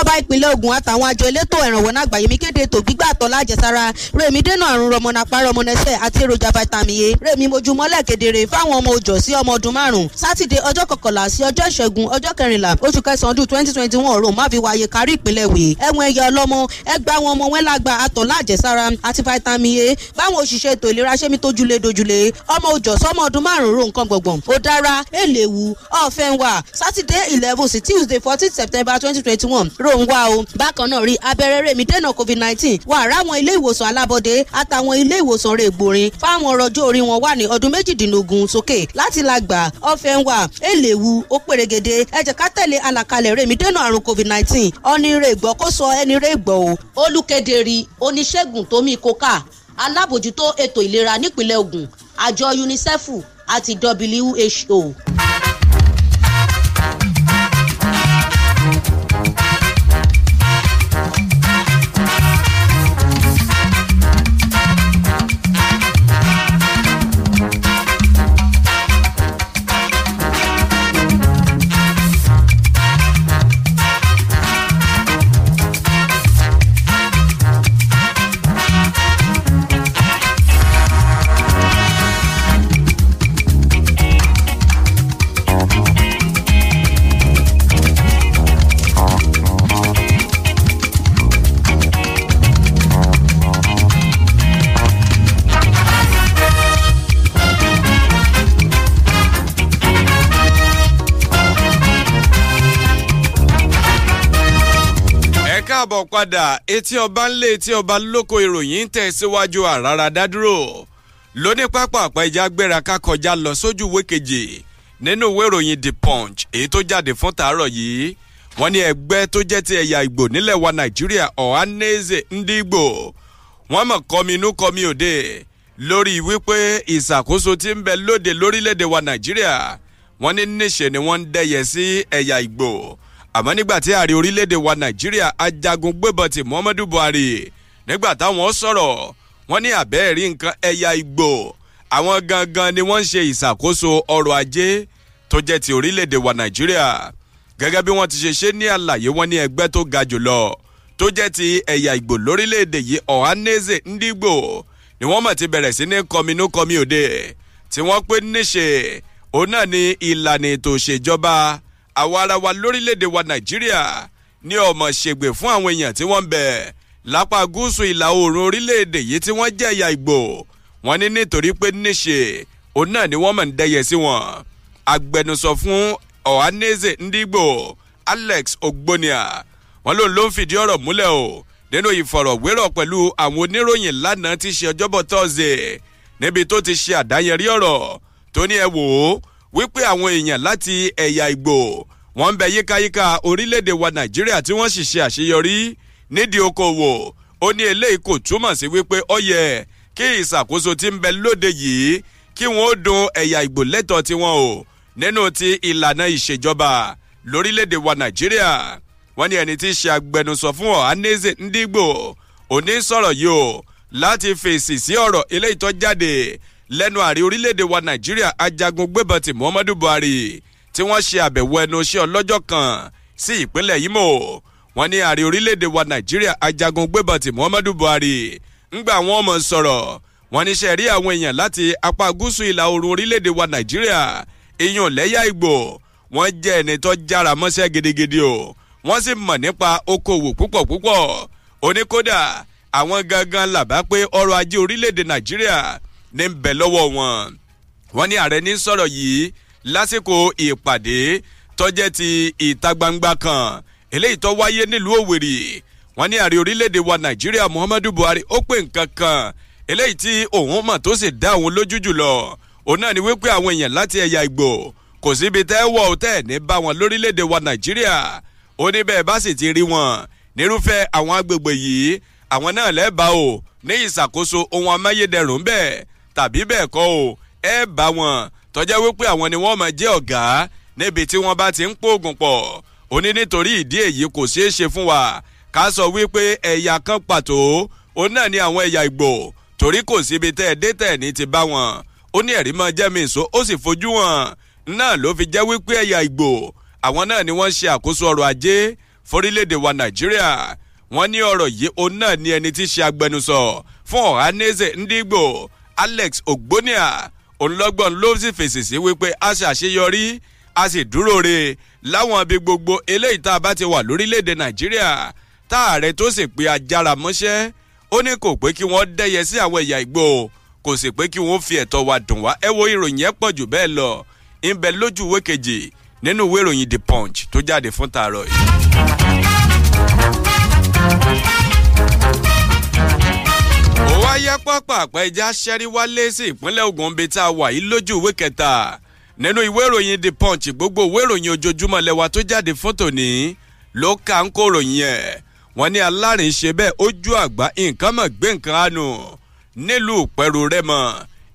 S5: ìjọba ìpínlẹ̀ Ògùn àtàwọn àjọ elétò ìrànwọ́ náà àgbáyé mi kéde ètò gbígbà àtọ́lá àjẹsára rèmi dènà àrùn rọmọnàpá rọmọnẹsẹ̀ àti èròjà vitamin A rèmi mojúmọ́lẹ̀ kedere fáwọn ọmọ òjò sí ọmọ ọdún márùn-ún sátidé ọjọ́ kọkànlá sí ọjọ́ ìṣẹ́gun ọjọ́ kẹrìnlá oṣù kẹsàn-án ọdún twenty twenty one ọ̀run má fi wáyé kárí ìpínlẹ̀ wè ẹ̀wọ̀n ẹ̀yà ọlọ́mọ ẹgbẹ́ àwọn ọmọ wọn lágbà àtọ̀lá àjẹsára àti vitamin e. A september twenty twenty kúrò ń wá o bákan náà rí abẹ́rẹ́ rèmí dènà covid nineteen wà ráwọn ilé ìwòsàn alábọ́dé àtàwọn ilé ìwòsàn rè gbòrin fáwọn ọrọ̀jọ́ orí wọn wà ní ọdún méjìdínlógún sókè láti la gbà ọ̀fẹ́ ń wà èlèwu ó pèrègede ẹ ká tẹ̀lé àlàkalẹ̀ rèmí dènà àrùn covid nineteen ọ̀nìrè gbọ́ kó sọ ẹnìrè gbọ́ o. olùkéderi oníṣègùn tómi kóká alábòjútó ètò ìlera nípínlẹ̀ Ògùn àjọ UNICEF àti WHO
S2: padà etí ọba ńlé etí ọba lóko ìròyìn ń tẹ̀síwájú àràrà dádúró lóní pápá ọ̀pá ẹja gbéra ká lọ sójú ìwé kejì nínú ìwé ìròyìn the punch èyí tó jáde fún tààrọ yìí wọ́n ní ẹgbẹ́ tó jẹ́ ti ìgbò nílẹ̀ àmọ́ nígbà tí ààrẹ orílẹ̀-èdè wa nàìjíríà ajagun gbébọn ti muhammadu buhari nígbà táwọn sọ̀rọ̀ wọ́n ní àbẹ́ẹ̀rí nǹkan ẹ̀yà ìgbò àwọn gangan ni wọ́n ń ṣe ìṣàkóso ọrọ̀ ajé tó jẹ́ ti orílẹ̀-èdè wa nàìjíríà gẹ́gẹ́ bí wọ́n ti ṣe ṣe ní àlàyé wọn ní ẹgbẹ́ tó ga jùlọ tó jẹ́ ti ẹ̀yà ìgbò lórílẹ̀-èdè yìí ọ̀hánẹ́sẹ̀ ndígbò ni wọ́n mọ̀ ti bẹ̀rẹ̀ sí ní kọminú kọmi òde tí wọ́n pé níṣe òun náà ni ìlànà ètò ìṣèjọba àwa ara wa lórílẹ̀‐èdè wa nàìjíríà ní ọmọ ṣègbè fún àwọn èèyàn tí wọ́n ń bẹ lápá gúúsù ìlà oòrùn orílẹ̀‐èdè yìí tí wọ́n jẹ́ ẹ̀yà ìgbò wọ́n ní nítorí pé níṣe òun náà ni wọ́n mọ̀ ń dẹyẹ sí wọn agbẹnusọ fún Ohanaeze Ndigbo Alex Ogbonia wọ́n lòun ló ń fìdí ọ̀rọ̀ múlẹ̀ o nínú ìfọ̀rọ̀wérọ̀ pẹ̀lú àwọn oníròyìn lánàá tí ṣe ọjọ́bọ̀ tọ́sídẹ̀ẹ́ níbi tó ti ṣe àdáyẹrí ọ̀rọ̀ tó ní ẹ wò ó wípé àwọn èèyàn láti ẹ̀yà ìgbò wọ́n ń bẹ yíkáyíká orílẹ̀-èdè wa nàìjíríà tí wọ́n sì ṣe àṣeyọrí nídìí okòwò ó ní eléyìí kò túmọ̀ sí wípé ó yẹ kí ìṣàkóso tí ń bẹ lóde yìí kí wọ́n ó dun ẹ̀yà ìgbò lẹ́tọ̀ọ́ tiwọn o nínú ti ìlànà ìṣèjọba lórílẹ̀-èdè wa nàìjíríà wọ́n ní ẹni tí í ṣe agbẹnusọ fún ọ̀hánẹ́sẹ̀ ndígbò òní sọ̀rọ̀ yìí o láti fèsì sí ọ̀rọ̀ eléyìí tó jáde lẹ́nu àrí orílẹ̀-èdè wa nàìjíríà ajagun gbébọn ti muhammadu buhari tí wọ́n ṣe àbẹ̀wò ẹnu iṣẹ́ ọlọ́jọ́ kan sí ìpínlẹ̀ imo wọ́n ní àrí orílẹ̀-èdè wa nàìjíríà ajagun gbébọn ti muhammadu buhari ńgbà wọn mọ̀ sọ̀rọ̀ wọ́n ní sẹ́ẹ̀rí àwọn èèyàn láti apá gúúsù ìlà oòrùn orílẹ̀-èdè wa nàìjíríà iyùn lẹ́yà ìgbò wọ́n jẹ́ ẹni tó jára mọ́ṣẹ́ gidigidi o wọ́n sì mọ̀ nípa okòwò púpọ̀ púpọ̀ oníkódà àwọn gangan làbá pé ọrọ̀ ajé orílẹ̀-èdè nàìjíríà ní ń bẹ lọ́wọ́ wọn. wọ́n ní ààrẹ ní sọ̀rọ̀ yìí lásìkò ìpàdé tọ́jẹ́ ti ìta gbangba kan eléyìí tó wáyé nílùú Òwèrì wọ́n ní ààrẹ orílẹ̀-èdè wa Nàìjíríà Muhammadu Buhari ó pè nǹkan kan eléyìí tí òun mọ̀ tó sì dá òun lójú jùlọ òun náà ni wípé àwọn èèyàn láti ẹ̀yà Ìgbò kò síbi tẹ́ wọ̀ ọ́ tẹ́ ní bá wọn lórílẹ̀‐èdè wa Nàìjíríà ó ní bẹ́ẹ̀ bá sì ti rí wọn nírúfẹ́ àwọn agbègbè yìí àwọn náà lẹ́ẹ̀bá o ní ìṣàkóso ohun amáyédẹrùn bẹ́ẹ̀ tàbí bẹ́ẹ̀ kọ́ o ẹ bá wọn tọ́jà wípé àwọn ni wọ́n máa jẹ́ ọ̀gá níbi tí wọ́n bá ti ń pòògùn pọ̀ ó ní nítorí ìdí èyí kò ṣeé ṣe fún wa ká sọ wípé ẹ̀yà kan pàtó òun náà ni àwọn ẹ̀yà Ìgbò torí kò síbi tẹ́ ẹ dé tẹ̀ ní ti bá wọn ó ní ẹ̀rí máa jẹ́ mi ìṣó ó sì fojú wọn náà ló fi jẹ́ wípé ẹ̀yà Ìgbò àwọn náà ni wọ́n ṣe àkóso ọrọ̀ ajé forílẹ̀-èdè wa Nàìjíríà wọ́n ní ọ̀rọ̀ yìí òun náà ni ẹni tí ṣe agbẹnusọ fún Ọ̀hánẹ́sẹ̀ Ndigbo alex ogbonia ònlọ́gbọ̀n ló sì fèsì sí wípé a ṣe àṣeyọrí a sì dúró re láwọn ibi gbogbo eléyìí tá a bá ti wà lórílẹ̀‐èdè nàìjíríà tá ààrẹ tó sì pé ajára mọ́ṣẹ́ ó ní kò pé kí wọ́n dẹ́yẹ sí àwọn ẹ̀yà ìgbò kò sì pé kí wọ́n fi ẹ̀tọ́ wa dùn wá ẹ wo ìròyìn ẹ̀ pọ̀ jù bẹ́ẹ̀ lọ ń bẹ lójú ìwé kejì nínú ìwé ìròyìn the punch tó jáde fún tààrọ̀ yìí wáyé pápá àpá ẹja ṣẹ́rí wálé sí ìpínlẹ̀ Ògùn bíi tá a wà yìí lójú ìwé kẹta nínú ìwé ìròyìn The Punch gbogbo ìwé ìròyìn ojoojúmọ́ lẹ́wà tó jáde fún tòní ló ka ń kó ròyìn ẹ̀ wọ́n ní alárìn ṣe bẹ́ẹ̀ ojú àgbá nǹkan mọ̀ gbé nǹkan àánú nílùú pẹ̀rù Rẹ́mọ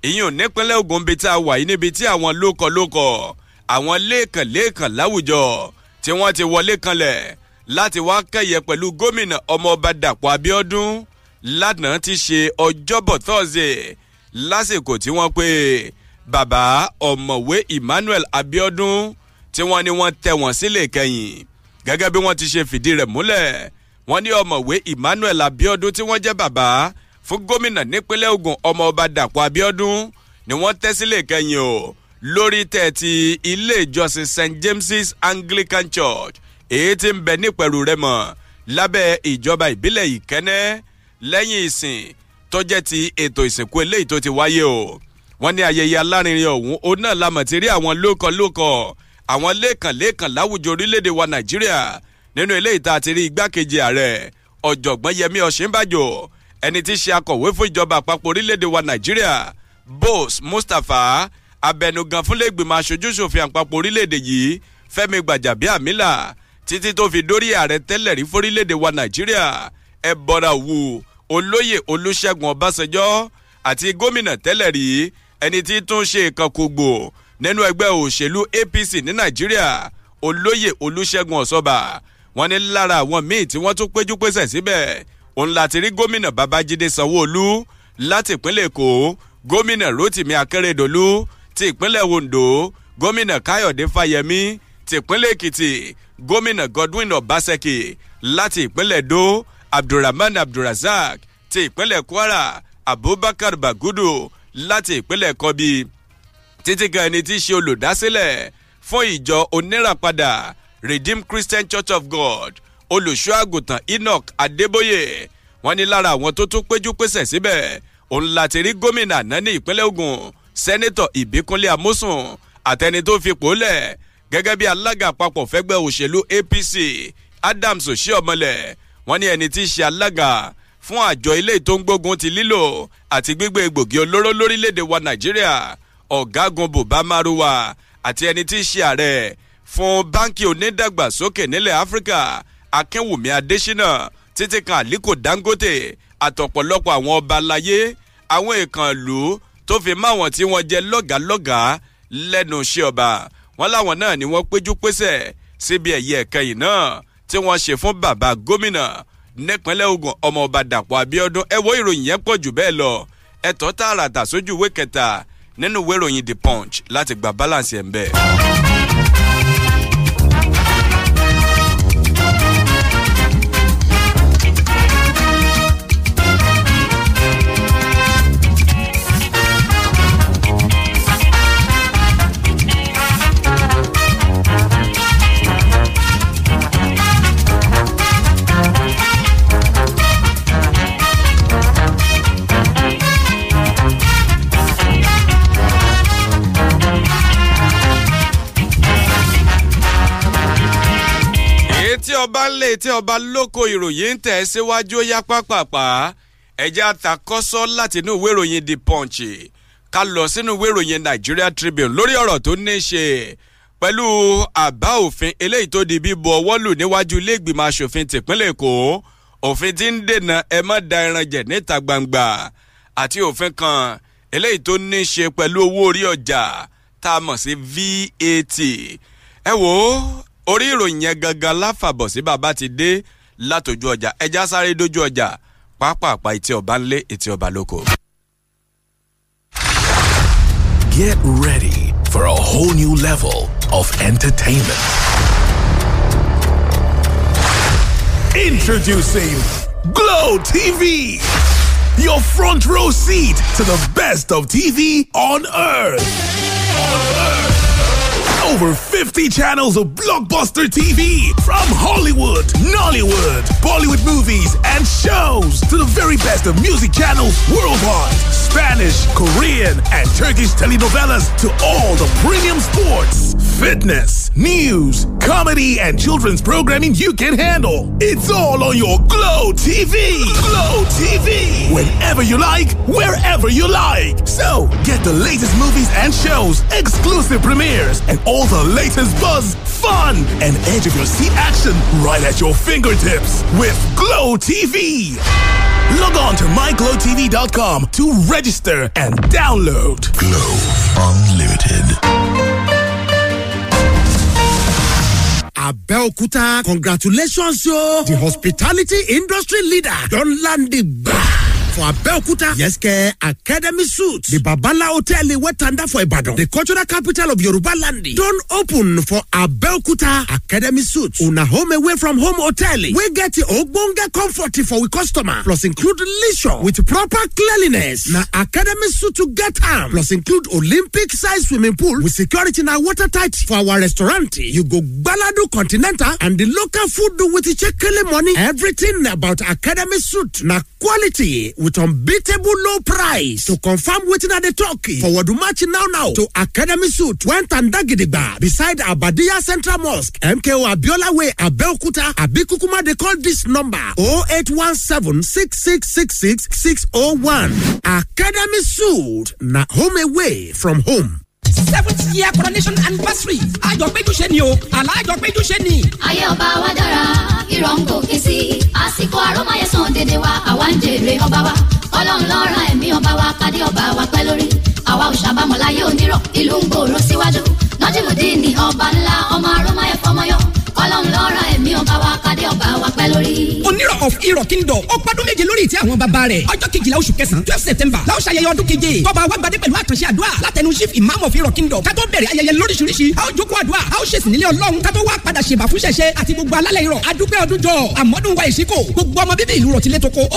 S2: ìyún nípínlẹ̀ Ògùn bíi tá a wà yìí níbi tí àwọn lókọ̀lókọ̀ àwọn lẹ́ẹ̀kan lẹ́ẹ̀kan láwùjọ tí wọ́n ti wọlé kanlẹ̀ láti wá kẹ́yẹ pẹ̀lú gómìnà ọmọọba Dàpọ̀ Abíọ́dún lánàá ti ṣe ọjọ́bọ̀ thursday lásìkò tí wọ́n pé bàbá ọ̀mọ̀wé emmanuel abiodun tí wọ́n ní wọ́n tẹ̀ wọ́n sílé kẹyìn gẹ́gẹ́ bí wọ́n ti ṣe fìdí rẹ̀ múlẹ̀ wọ́n ní ọ̀mọ̀wé emmanuel abiodun tí wọ́n jẹ́ bàbá fún gómìnà nípínlẹ̀ ogun ọmọ ọba abiodun ni wọ́n tẹ̀ sílé kẹyìn o lórí tẹ̀tí ilé ìjọsìn st james's anglican church èyí tí ń bẹ nípẹ̀rù rẹ̀ mọ̀ lábẹ́ ìjọba ìbílẹ̀ ìkẹ́nẹ́ lẹ́yìn ìsìn tó jẹ́ ti ètò ìsìnkú eléyìí tó ti wáyé o wọ́n ní ayẹyẹ alárinrin ọ̀hún òun náà la mọ̀ ti rí àwọn lóòkàn lóòkàn àwọn lẹ́ẹ̀kànlẹ́ẹ̀kàn láwùjọ orílẹ̀-èdè wa nàìjíríà nínú eléyìí tá a ti rí igbákejì ààrẹ ọ̀jọ̀gbọ́n yẹmí ọ̀ṣínbàjò ẹni tí í ṣe akọ̀wé fún ìjọba àpapọ̀ orílẹ̀-èdè wa nàìjíríà bose mustapha abẹnugan fúnlẹ̀gbìmọ̀ aṣojúṣòfin àpapọ̀ orílẹ̀-èdè yìí fẹ́mi gbàjàbíàmílà títí tó fi dórí ààrẹ tẹ́lẹ̀ rí fórílẹ̀-èdè wa nàìjíríà ẹ bọ́ra wò olóyè olúṣẹ́gun ọbásanjọ́ àti gómìnà tẹ́lẹ̀ rí ẹni tí tún ṣe ìkànkògbò nínú ẹgbẹ́ òṣèlú apc ní nàìjíríà olóyè olúṣẹ́gun ọ̀ṣọ́bà wọ́n ní lára àwọn míì tí wọ́n tún péjú pésẹ̀ síbẹ̀ òun láti rí gómìnà babájídé sanwóolu láti ìpínlẹ̀ èkó gómìnà rotimi akérèdọ́lù ti ìpínlẹ̀ ondo gómìnà káyọ̀dé fáyemí ti ìpínlẹ̀ èkìtì gómìnà godwin ọbaṣẹ́kì láti ìpínlẹ̀ edo abdulrahman abdulrasaq ti ìpínlẹ̀ kwara abubakar bagudu láti ìpínlẹ̀ kọbi títí kan ẹni tí í ṣe olùdásílẹ̀ fún ìjọ oníràpadà redeemed christian church of god olùṣọ́àgùtàn enoch adébóyè wọn ní lára àwọn tó tún péjú pèsè síbẹ̀ òun láti rí gómìnà náà ní ìpínlẹ̀ ogun sẹ́nẹ́tọ̀ ìbíkúnlé amósùn àtẹni tó fipò lẹ̀ gẹ́gẹ́ bí alága àpapọ̀ fẹ́gbẹ́ òṣèlú apc adams òṣìọ̀mọlẹ̀ wọ́n ní ẹni tí í ṣe alága fún àjọ ilé tó ń gbógun ti lílò àti gbígbé egbògi olóró lórílẹ̀‐èdè wa nàìjíríà ọ̀gágun bùbá márùwà àti ẹni tí í ṣe ààrẹ fún báńkì onídàgbàsókè nílẹ̀ áfíríkà akínwùmí adésínà títí kan àlíkò dangote àtọ̀pọ̀lọpọ̀ àwọn ọba aláyé àwọn ìkànnlú tó fi máwọn tí wọ́n jẹ́ lọ́gàálọ́gàá lẹ́nu iṣẹ́ ọba wọn láwọn náà ni wọ́n péjú pésẹ̀ síbi ẹ̀yẹ ẹ̀kẹyìn náà tí wọ́n ṣe fún bàbá gómìnà nípínlẹ̀ Ògùn ọmọọba Dàpọ̀ Abíọ́dún ẹ wo ìròyìn yẹn pọ̀ jù bẹ́ẹ̀ lọ ẹ̀tọ́ tààràtà sójú ìwé kẹta nínú ìwé ìròyìn The Punch láti gba balance ẹ̀ ń bẹ́ẹ̀. eléyìí tí ọba lóko ìròyìn ń tẹ̀ síwájú yá pápápá ẹ̀jẹ̀ àtàkọ́sọ́ láti inú ìwé ìròyìn the punch ká lọ sínú ìwé ìròyìn Nigeria Tribune lórí ọ̀rọ̀ tó ní í ṣe pẹ̀lú àbá òfin eléyìí tó di bíbu ọwọ́ lù níwájú ilé ìgbìmọ̀ asòfin tìpínlẹ̀ Èkó òfin tí ń dènà ẹ má da ẹran jẹ níta gbangba àti òfin kan eléyìí tó ní í ṣe pẹ̀lú owó orí ọjà tá a mọ̀ sí VAT ẹ wò orí ìròyìn yẹn gangan láfàbọ̀ sí bàbá ti dé látòjú ọjà ẹja sáré dójú ọjà pápápá etí ọba ńlé etí ọba lóko.
S1: Get ready for a whole new level of entertainment. Introducing Glow TV, your front row seat to the best of TV On earth. On earth over 50 channels of blockbuster TV from Hollywood, Nollywood, Bollywood movies, and shows to the very best of music channels worldwide. Spanish, Korean, and Turkish telenovelas to all the premium sports, fitness, news, comedy, and children's programming you can handle. It's all on your Glow TV. Glow TV. Whenever you like, wherever you like. So get the latest movies and shows, exclusive premieres, and all the latest buzz, fun, and edge of your seat action right at your fingertips with Glow TV. Log on to myglowtv.com to register and download Glow Unlimited. Abeokuta, congratulations
S3: yo! The hospitality industry leader Don't land the for Abeokuta. Yes, ke Academy Suit. The Babala Hotel in Wetanda for Ibadan. The cultural capital of Yoruba land. Don't open for Abeokuta Academy Suit. Una home away from home hotel. We get ogbonge comfort for we customer. Plus include leisure with proper cleanliness. Na Academy Suit to get arm. Plus include Olympic size swimming pool with security na watertight for our restaurant. You go Baladu Continental and the local food with the check money. Everything about Academy Suit. Na quality with unbeatable low price. To confirm waiting at the turkey. Forward match now now to Academy Suit, Went and Dagidiba, beside Abadia Central Mosque, MKO Abiola Way, Abelkuta, Abikukuma. They call this number 0817 Academy Suit, na home away from home. seventh year coronation anniversary àjọpéjúṣe ni o àlàjọpéjúṣe ni. ayé ọba wa dára
S1: irọ́ ń gòkè sí i àsìkò àrọ́máyẹ̀sán dédé wa àwa ń jèrè ọba wa ọlọ́run lọ́ra ẹ̀mí ọba wa kádé ọba wa pẹ́ lórí àwa ò ṣàbámọ̀ láyé onírọ̀ ìlú ń gbòòrò síwájú nọ́jìmùdí ni ọba ńlá ọmọ àrọ́máyẹ̀ fọmọyọ́ ọlọ́run
S3: onírọ̀ of irọ̀ kingdom ó pọ́dún méje lórí ìtẹ́ àwọn bàbá rẹ̀ ọjọ́ kejìlá oṣù kẹsàn-án twelve september láwọn ṣayẹyẹ ọdún keje tọba awágbadé pẹ̀lú àkànṣe àdúrà látẹnu chief imam of irọ̀ kingdom kátó bẹ̀rẹ̀ ayẹyẹ lóríṣiríṣi a ó jókòó àdúrà a ó ṣèsìn nílé ọlọ́run kátó wá padà ṣèbà fún ṣẹ̀ṣẹ̀ àti gbogbo alálẹ̀ irọ̀ adúpẹ́ ọdún jọ àmọ́dún wa ìṣíkò gbogbo ọmọ bíbí ìlú rọ̀tí létoko o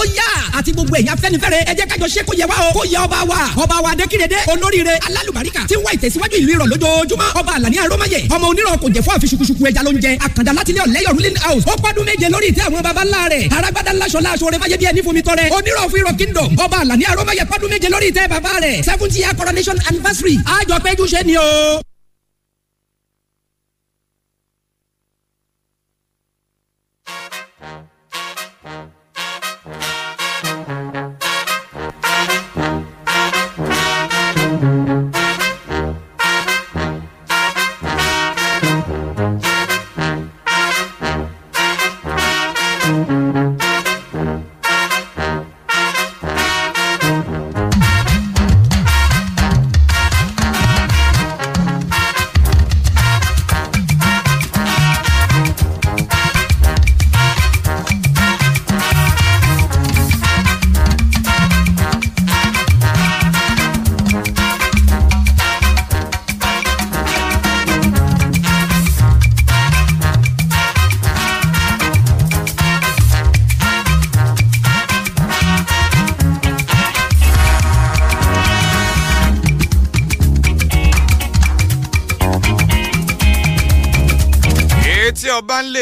S3: kó yẹ ọba wa ọba wa adékírẹ́dé olóríire alálùbáríkà tí ń wá ìtẹ̀síwájú ìlú ìrọ̀ lójoojúmọ́ ọba àlàní arómáyé ọmọ onírọ̀ kò jẹ́ fún àfiṣukùṣukù ẹja àkàndá láti ilé ọ̀lẹ́yọ̀ ruling house ó pọ́dún méje lórí ìtẹ́ àwọn baba ńlá rẹ̀ arágbádá ńláṣọ láṣọ rẹ̀ fàyè bí ẹni fún mi tọrẹ onírọ̀ fún irọ̀ kingdom ọba àlàní arómáyẹ
S5: pọ́dún méje lórí ìtẹ́ baba rẹ̀ seventy year coronation anniversary àjọpẹ́jú ṣe ni o.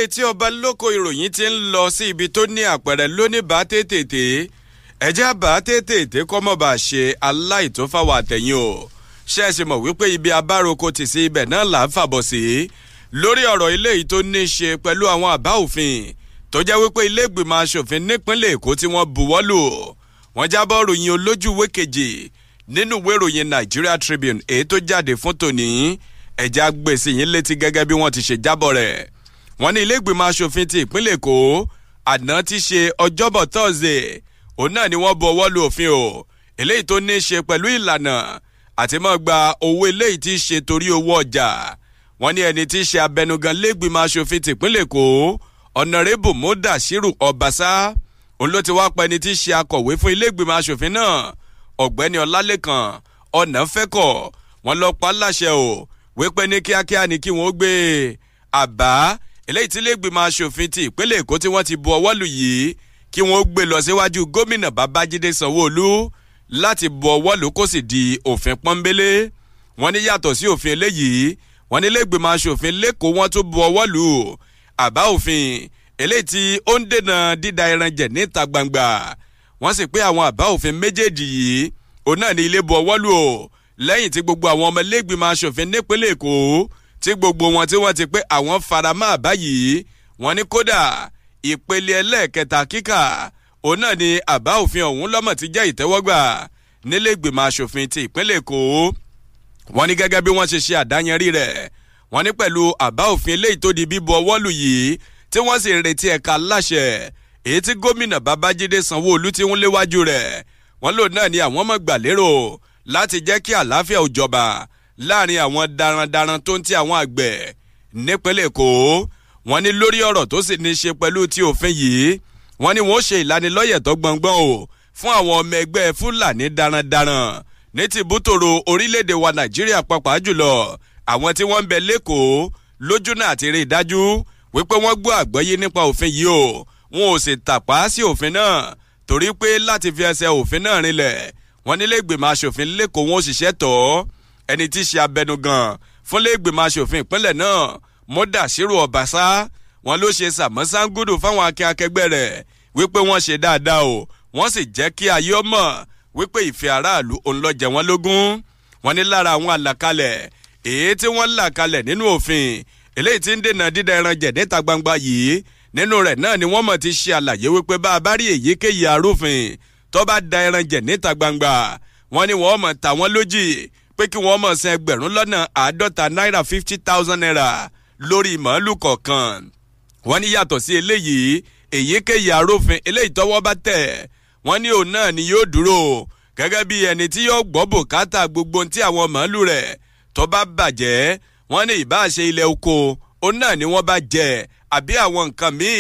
S2: etí ọba lóko ìròyìn ti ń lọ sí ibi tó ní àpẹẹrẹ lónìbà tètè ẹjẹ́ àbá tètè kọ́mọ́ bá ṣe aláìtófáwọ̀ àtẹ̀yìn o ṣe é ṣe mọ̀ wípé ibi abároko tì sí ibẹ̀ náà là ń fàbọ̀ sí lórí ọ̀rọ̀ ilé yìí tó ní í ṣe pẹ̀lú àwọn àbá òfin tó jẹ́ wípé ilé ìgbìmọ̀ asòfin nípínlẹ̀ èkó tí wọ́n buwọ́ lù wọ́n jábọ̀ ròyìn olójú ìwé nínú ìwé ìròyìn Nigeria Tribune èyí tó jáde fún tòní ẹ̀jẹ̀ agbèsè yín létí gẹ́gẹ́ bí wọ́n ti ṣe jábọ̀ rẹ̀ wọ́n ní iléègbìmọ̀ asòfin ti ìpínlẹ̀ èkó àná ti ṣe ọjọ́bọ̀ thursday òun náà ni wọ́n bu ọwọ́ lu òfin o eléyìí tó ní í ṣe pẹ̀lú ìlànà àti máa gba owó eléyìí ti ṣe torí owó ọjà wọ́n ní ẹni tí í ṣe abẹnugan lẹ́gbìmọ̀ asòfin tìpínlẹ̀ èkó ọ̀nàrẹ́bù mudasiru ọbaṣá òun ló ti wá pa ẹni tí í ṣe akọ̀wé fún ilé asòfin náà ọ̀gbẹ́ni ọlálẹ́kan ọ̀nàfẹ́kọ̀ wọ́n lọ pa láṣẹ o wípé ní kíákíá ni kí wọ́n gbé e. àbá eléyìí tí iléègbìmọ̀ asòfin ti ìpínlẹ̀ èkó tí wọ́n ti bu ọwọ́ lù yìí kí wọ́n gbé lọ síwájú gómìnà babájídé sanwó-olú láti bu ọwọ́ lù kó sì di òfin pọ́nbélé wọ́n ní yàtọ̀ sí òfin eléyìí wọ́n ní iléègbìmọ̀ asòfin lẹ́kọ̀ọ́ wọ́n tún bu ọwọ́ lù àbá òfin eléyìí tí ó ń dènà dídá ẹran jẹ níta gbangba wọ́n sì pé àwọn àbá òfin méjèèjì yìí òun náà ní ilé bu ọwọ́ lù o lẹ́yìn tí gbogbo àwọn ọmọ iléègbìmọ̀ asòfin nípínlẹ̀ èkó tí gbogbo wọn tí wọ́n ti pé àwọn faramá báyìí wọ́n ní kódà ìpele ẹlẹ́ẹ̀kẹta kíkà òun náà ni àbá òfin ọ̀hún lọ́mọ̀ ti jẹ́ ìtẹ́wọ́gbà nílé ìgbìmọ̀ asòfin ti ìpínlẹ̀ èkó wọ́n ní gẹ́gẹ́ bí wọ́n ṣe ṣe àdáyanrí rẹ̀ wọ́n ní pẹ̀lú àbá òfin eléyìí tó di bíbu ọwọ́ lù yìí tí wọ́n sì retí ẹ̀ka láṣẹ èyí tí gómìnà babájídé sanwó ti ń léwájú rẹ̀ wọ́n lòun náà ni àwọn mọ̀ gbàlérò láti jẹ́ kí àlàáfíà ó láàrin àwọn darandaran tó ń ti àwọn àgbẹ̀ nípínlẹ̀ èkó wọ́n ní lórí ọ̀rọ̀ tó sì ní í ṣe pẹ̀lú ti òfin yìí wọ́n ní wọ́n ṣe ìlanilọ́yẹ̀ tó gbọ̀ngbọ̀n o fún àwọn ọmọ ẹgbẹ́ fúlàní darandaran ní ti bútòrò orílẹ̀-èdè wa nàìjíríà pàápàá jùlọ àwọn tí wọ́n ń bẹ lẹ́kọ̀ọ́ lójúnà àti rí i dájú wípé wọ́n gbọ́ àgbọ́yé nípa òfin yìí o wọn ò sì tàpá sí òfin náà torí pé láti fi ẹsẹ̀ òfin náà rinlẹ̀ wọ́n nílé ìgbìmọ̀ asòfin lẹ́kọ̀ọ́ wọn ò ṣiṣẹ́ tọ́ ẹni tí í ṣe abẹnugan fúnlé ìgbìmọ̀ asòfin ìpínlẹ̀ náà Mọ́dàsírù Ọ̀básá wọn ló ṣe sàmọ́sángúdù fáwọn akin akẹgbẹ́ rẹ̀ wípé wọ́n ṣe dáadáa o wọ́n sì jẹ́ kí ayé ọmọ wípé ìfẹ́ aráàlú òun ló jẹ wọ́n lógún wọn ní lára àwọn àlàkalẹ̀ èyí tí wọ́n là kalẹ̀ nínú òfin eléyìí tí ń dènà dídá ẹran jẹ̀ níta gbangba yìí nínú rẹ̀ náà ni wọ́n mọ̀ ti ṣe àlàyé wípé bá a bá rí èyíkéyìí arúfin tó bá da ẹran jẹ̀ níta gbangba wọ́n ní wọ́n mọ̀ ta wọ́n lójì pé kí wọ́n máa san ẹgbẹ̀rún lọ́nà àádọ́ta náírà fifty thousand naira lórí màálù kọ̀ọ̀kan wọ́n ní yàtọ̀ sí eléyìí èyíkéyìí arófin eléyìí tọ́wọ́ bá tẹ̀ wọ́n ní òun náà ni yóò dúró gẹ́gẹ́ bí ẹni tí yóò gbọ́ bùkátà gbogbo ti àwọn màálù rẹ̀ tó bá bàjẹ́ wọ́n ní ìbáṣe ilẹ̀ oko òun náà ni wọ́n bá jẹ àbí àwọn nǹkan míì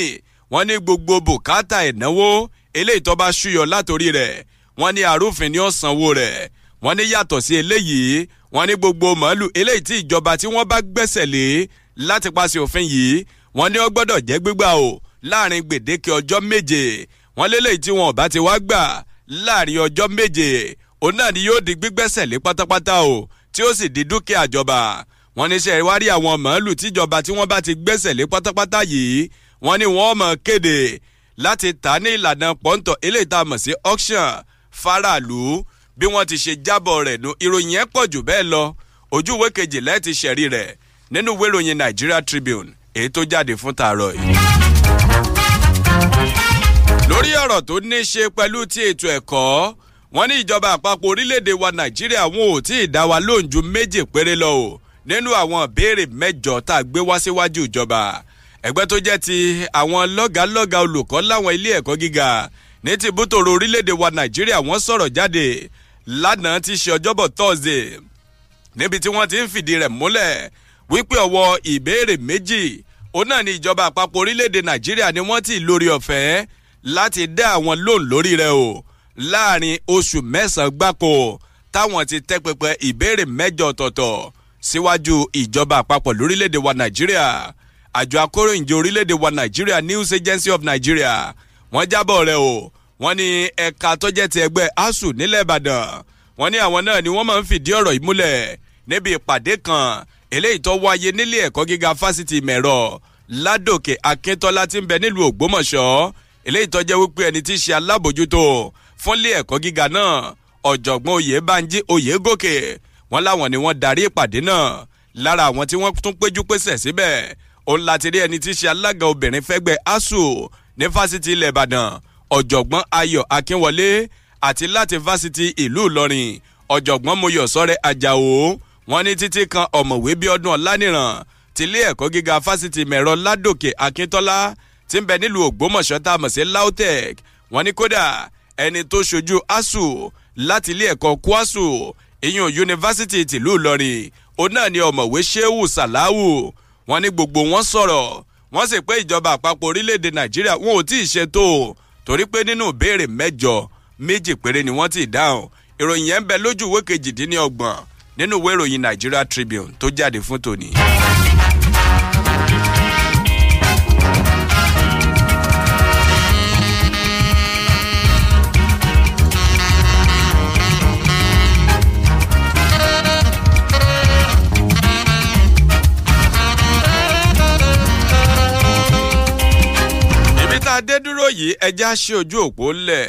S2: wọ́n ní gbogbo bùkátà ìnáwó eléyìí tó bá ṣúyọ látòrí rẹ̀ wọ́n ní arúfin ni ó sanwó rẹ̀ wọ́n ní yàtọ̀ sí eléyìí wọ́n ní gbogbo màálù eléyìí tí ìjọba tí wọ́n bá gbẹ́sẹ̀ lé láti paṣẹ òfin yìí wọ́n ní wọ́n gbọ́dọ̀ jẹ́ gbígbà o láàrin gbèdéke ọjọ́ méje wọ́n léléyìí tí wọn ò bá ti wá gbà láàrin ọjọ́ méje òun náà ni yóò di gbígbẹ́sẹ̀ lé pátápátá o tí ó sì di dúkìá ìjọba wọ́n ní sẹ́ẹ̀ wárí àwọn màálù tíjọba tí wọ́n bá ti gbẹ́sẹ̀ lé pátápátá yìí wọ́n ní wọ́n mọ̀ kéde láti tà ní ìlànà pọ́ńtọ̀ eléyìí tá a mọ̀ sí auction faraàlú bí wọ́n ti ṣe jábọ̀ rẹ̀ nu ìròyìn yẹn pọ̀ jù bẹ́ẹ̀ lọ ojú ìwé kejìlá ti ṣẹ̀rí rẹ̀ nínú ìwé ìròyìn Nigeria Tribune èyí tó jáde fún tààrọ̀ yìí. lórí ọ̀rọ̀ tó ní ṣe pẹ̀lú ti ètò ẹ̀kọ́ wọ́n ní ìjọba àpapọ̀ orílẹ̀-èdè wa Nàìjíríà wọn ò tí ì dá wa lóhùn ju méje péré lọ o nínú àwọn ìbéèrè mẹ́jọ tá a gbé wá síwájú ìjọba ẹgbẹ́ tó jẹ́ ti àwọn lọ́gàálọ́gàá olùkọ́ láwọn ilé ẹ̀kọ́ gíga ní tìbútòrò orílẹ̀-èdè wa Nàìjíríà wọ́n sọ̀rọ̀ jáde lánàá ti ṣe ọjọ́bọ̀ thursday níbi tí wọ́n ti ń fìdí rẹ̀ múlẹ̀ wípé ọwọ́ ìbéèrè méjì òun náà ni ìjọba àpapọ̀ orílẹ̀-èdè nàìjíríà ni wọ́n ti lórí ọ̀fẹ́ láti dá àwọn lóun lórí rẹ̀ o láàrin oṣù mẹ́sàn-án gbáko táwọn ti tẹ́ pẹpẹ ìbéèrè mẹ́jọ ọ̀tọ̀ọ̀tọ̀ síwájú ìjọba àpapọ̀ lórílẹ̀‐èdè wa nàìjíríà àjọ akóròyìnjọ orílẹ̀‐èdè wa nàìjíríà news agency of nigeria wọ́n jábọ̀ rẹ̀ o wọ́n ní ẹ̀ka tọ́jẹ́ ti ẹgbẹ́ asuu nílẹ̀ ìbàdàn wọ́n ní àwọn náà ni wọ́n máa ń fìdí ọ̀rọ̀ yìí múlẹ̀ níbi ìpàdé kan eléyìí tó wáyé nílé ẹ̀kọ́ gíga fásitì mẹ̀rọ ládòkè akíntọ́lá ti ń bẹ nílùú ògbómọ̀ṣọ́ eléyìí tó jẹ́ wípé ẹni tí í ṣe alábòjútó fúnlé ẹ̀kọ́ gíga náà ọ̀jọ̀gbọ́n oyèbánjí oyègòkè wọ́n láwọn ni wọ́n darí ìpàdé náà lára àwọn tí wọ́n tún péjú pésẹ̀ síbẹ̀ òun láti rí ẹni tí í ṣe alága obìnrin fẹ́gbẹ́ asuu ní fásitì ilẹ̀ ìbàdàn ọ̀jọ̀gbọ́n ayọ̀ akínwọlé àti láti fásitì ìlú ìlọrin ọ̀jọ̀gbọ́n mọ́yọ̀ sọ́rẹ́ ajáò wọ́n ní títí kan ọ̀mọ̀wé bíọ́dún ọ̀lànìràn tilé ẹ̀kọ́ gíga fásitì mẹ̀rọ ládòkè akíntọ́lá tí ń bẹ nílùú ògbómọ̀ṣọ́ tá a mọ̀ sí lautech wọ́n ní kódà ẹni tó ṣojú asu láti ilé ẹ̀kọ́ kwasu ìyún yunifásitì tìlú ìlọrin òun náà ni ọ̀mọ̀wé shehu salawu wọ́n ní gbogbo wọn sọ̀rọ̀ wọ́n sì pé ìjọba àpapọ̀ orílẹ̀-èdè nàìjíríà wọn ò tí ì ṣètò torí pé nínú ìbéèrè mẹ́jọ méjì péré ni wọ́n ti dáhùn ìròyìn yẹn ń bẹ lójú ìwé kejìdínlọ́gbọ̀n nínú ìwé ìròyìn Nigeria Tribune tó jáde fún tòní. báyìí ẹja ṣe ojú òpó lẹ̀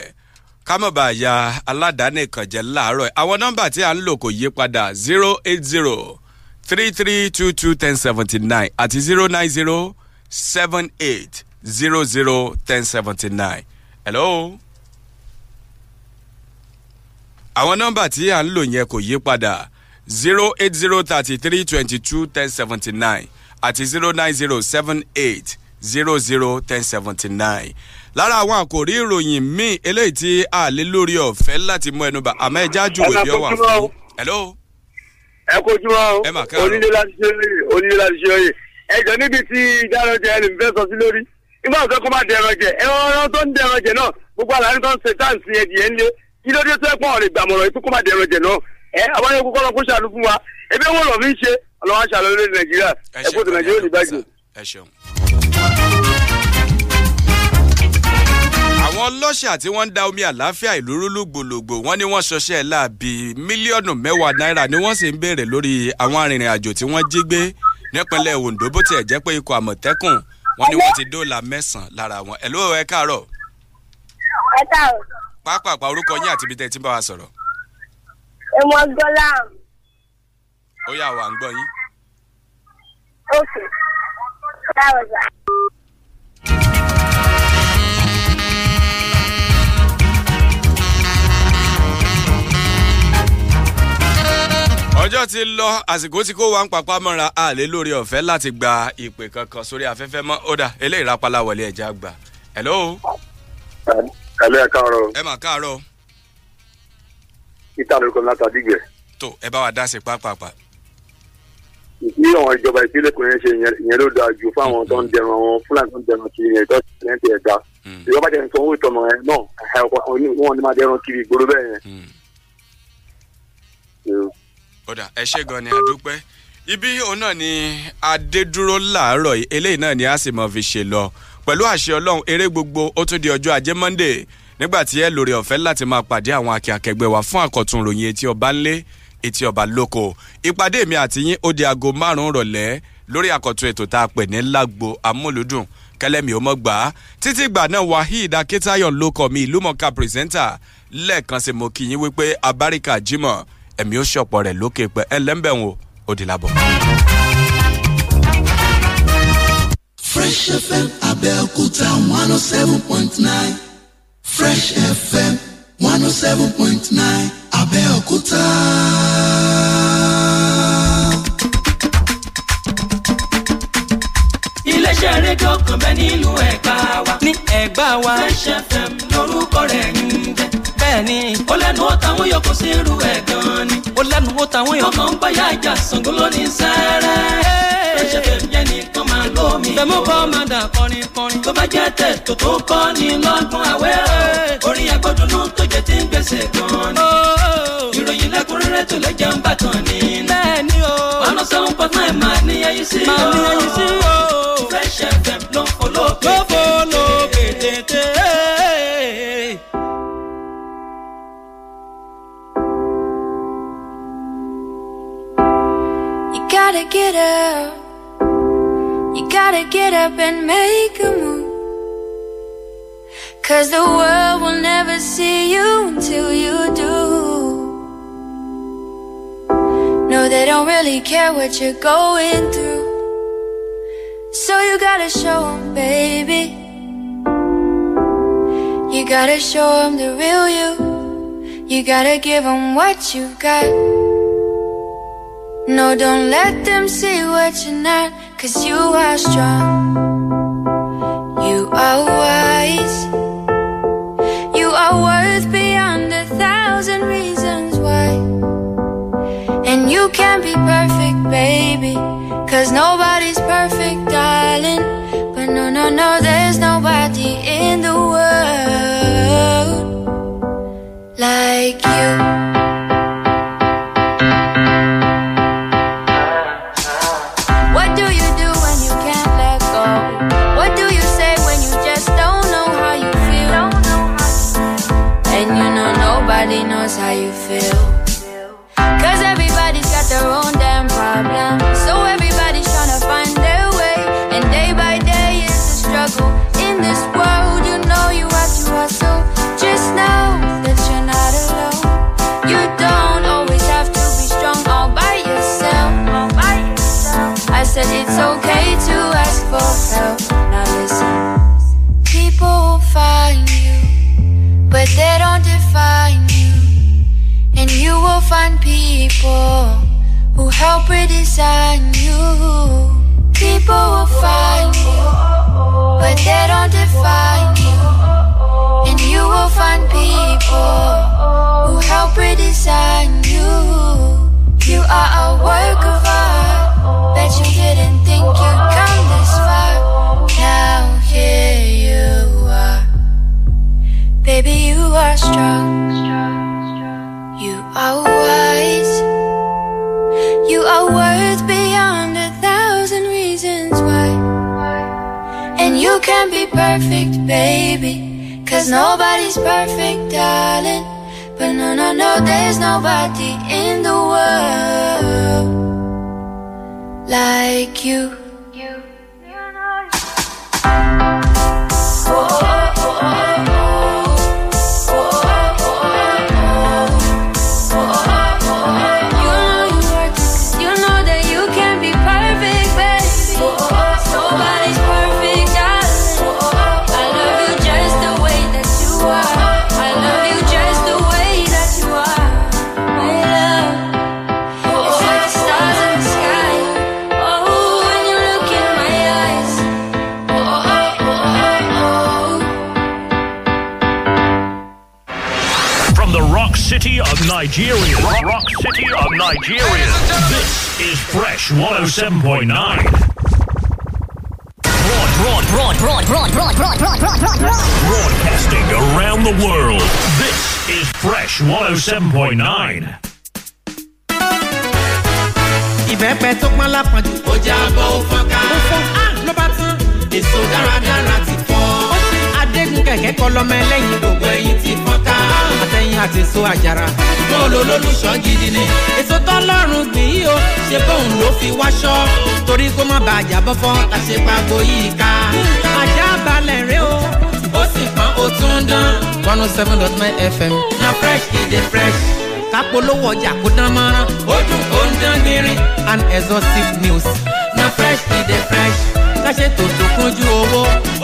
S2: kámọ̀bàyà aládàáni kànjẹ́ láàárọ̀ àwọn nọ́mbà tí a ń lò kò yí padà zero eight zero three three two two ten seventy nine àti zero nine zero seven eight zero zero ten seventy nine. hello. àwọn nọ́mbà tí a ń lò yẹn kò yí padà zero eight zero thirty three twenty two ten seventy nine àti zero nine zero seven eight zero zero ten seventy nine lára àwọn àkòrí ìròyìn míì eléyìí tí a lè lórí ọ̀fẹ́ láti mú ẹnu bá àmọ́ ẹja jùwèé bí ọ wà fún. ẹ kojú wa o onílé láti ṣe oyè onílé láti ṣe oyè ẹjọ níbi tí ìdáròjẹ ẹni fẹ́ sọ sí lórí nígbà tó kọ́ máa dẹ̀rọ̀
S3: jẹ ẹran tó ń dẹ̀rọ̀ jẹ náà gbogbo àlàyé tó ń ṣe táǹsì ẹ̀dìyẹ ńlẹ̀ kí ló dé tó ẹ̀pọ̀ ọ̀rẹ́ gbàmọ̀ràn ètò kó máa dẹ̀rọ̀ náà ẹ àwọn ẹ̀kọ́ kọ́ lọ kó ṣàlù fún wa
S2: ẹ àwọn ọlọ́ṣà tí wọ́n ń da omi àlàáfíà ìlú rú lùgbòlùgbò wọ́n ní wọ́n ṣọṣẹ́ láàbì mílíọ̀nù mẹ́wàá náírà ni wọ́n sì ń béèrè lórí àwọn arìnrìn àjò tí wọ́n jí gbé nípínlẹ̀ Ondo bó tiẹ̀ jẹ́ pé ikọ̀ àmọ̀tẹ́kùn wọ́n ní wọ́n ti dóòlà mẹ́sàn-án lára wọn ẹ̀lú ẹ̀ káàárọ̀. ẹ káàárọ̀. pápápá orúkọ yín àti ibi tẹ́ ti bá wa sọ̀rọ̀. ọjọ́ ti lọ àsìkò tí kò wá ń papá mọ́ra a lórí ọ̀fẹ́ láti gba ìpè kankan sórí afẹ́fẹ́ mọ́ ó eléyìí rápálá wọlé ẹ̀já gbà. hello. hello ẹ káàárọ̀. ẹ mà káàárọ̀. peter lóko láti àdìgbẹ́. tó ẹ bá wa dá sí pápápá. ní àwọn
S1: ìjọba ìpínlẹ̀ kò yẹn ṣe ìyẹn ló dáa jù fáwọn tó ń dẹrùn àwọn fúlàní tó ń dẹrùn kiri yẹn tó ṣẹlẹ̀
S2: ń tẹ̀ ọ̀dà ẹ ṣé gan ni àdúpẹ́ ibi òun náà ni adédúró làárọ̀ eléyìí náà ni a sì mọ̀ fi ṣe lọ pẹ̀lú àṣẹ ọlọ́run eré gbogbo ó tún di ọjọ́ ajé monday nígbàtí ẹ lórí ọ̀fẹ́ láti máa pàdé àwọn akẹ́kẹ́gbẹ́ wa fún àkọ́tún ròyìn etí ọba ńlé etí ọba lóko ìpàdé mi àti yín ó di aago márùn-ún rọ̀lẹ́ lórí àkọ́tún ètò tá a pè ní lágbo amúlùdùn kẹlẹ́mi ò mọ̀ gbà á títí ìgbà náà waheed akitayo lóko mi ìlúmọ̀ọ́ká pírẹsẹ́ńtà lẹ́ẹ̀kan sí mo kí yín wípé abáríkà jimoh ẹ̀mí ó ṣọ̀pọ̀ rẹ̀ lókè pẹ́ ẹlẹ́mbẹ̀wò òdìlábọ̀.
S1: Fresh FM Abẹ́òkúta one oh seven point nine Fresh FM one oh seven point nine Abẹ́òkúta.
S5: iléeṣẹ́ rédíò kan bẹ nílùú ẹ̀gbá wa. ní ẹ̀gbá wa. Fresh FM lórúkọ rẹ̀ ń jẹ́. bẹ́ẹ̀ni. ó lẹ́nu ó tàwọn yòókù sí irú ẹ̀ gan ni. ó lẹ́nu ó tàwọn yòókù. ọkàn ń bá yá ìjà Ṣàngó lónìí sẹ́rẹ́. Fresh FM yẹn nìkan máa lómi. bẹ̀mú kọ́ máa dà kọrin kọrin. tó bá jẹ́ tẹ̀ tó tó kọ́ ni lọ́gbọ̀n àwẹ̀. orin agbọ́dúnú tó jẹ́ ti ń gbèsè gan ni. Oh! ìròyìn lẹ́kùnrẹ́rẹ́ You gotta
S6: get up, you gotta get up and make a move. Cause the world will never see you until you do. No, they don't really care what you're going through. So you gotta show 'em, baby. You gotta show 'em the real you. You gotta give 'em what you got. No, don't let them see what you're not. Cause you are strong. You are wise. You are worth beyond a thousand reasons why. And you can not be perfect, baby. Cause nobody oh, oh, how redesign you You are a work of art Bet you didn't think you'd come this far Now here you are Baby, you are strong You are wise You are worth beyond a thousand reasons why And you can be perfect, baby Cause nobody's perfect, darling. But no, no, no, there's nobody in the world like you.
S1: Seven point nine. Broad, broad, broad, broad, broad, broad, broad, broad, broad, Broadcasting around the world. This is Fresh 107.9. Ìbẹ́pẹ tó pọ́n
S5: Ó ká. á ah, ló bá tán. Èso dáradára ti kẹ̀kẹ́ kọ lọ́mọ ẹlẹ́yin. gbogbo ẹyin ti fọ́n àtẹ̀yìn àti so àjàrà. bọ́ọ̀lù olólùṣọ́ gidi ni. èso tọ́lọ́run gbìn yìí o ṣe bóun ló fi wáṣọ. torí kó má bàa jà bọ́fọ́ la ṣe pàgọ́ yìí ká. àjà balẹ̀ rẹ o. ó sì pọn o tún dán. one oh seven dot nine fm. na fresh e dey fresh. kápolówó ọjà kó dán mọ́rán. ó dùn ó ń dán gbinrin. an exhaustive news. na fresh e dey fresh ká ṣètò tó kúnjú owó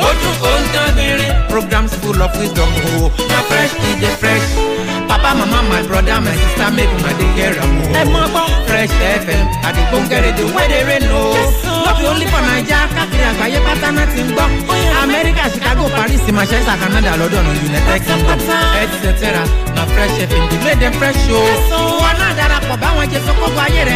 S5: ojú òǹtàn bìnrin programs full of wisdom o na fresh e dey fresh papa mama my brother my sister make una dey hear am o. ẹ mọ gbọ́ fresh fm àdìgbòǹgẹ̀ rédíò wey dey rain o lọ́bì ó lè fọ naija káàkiri àgbáyé pátá náà ti ń gbọ́ oh, America, chicago paris manchester canada london united kingdom etc na fresh fm dey play dem fresh o.
S7: ìwọ náà darapọ̀ báwọn jẹ sọ́kọ́ bọ ayé rẹ̀.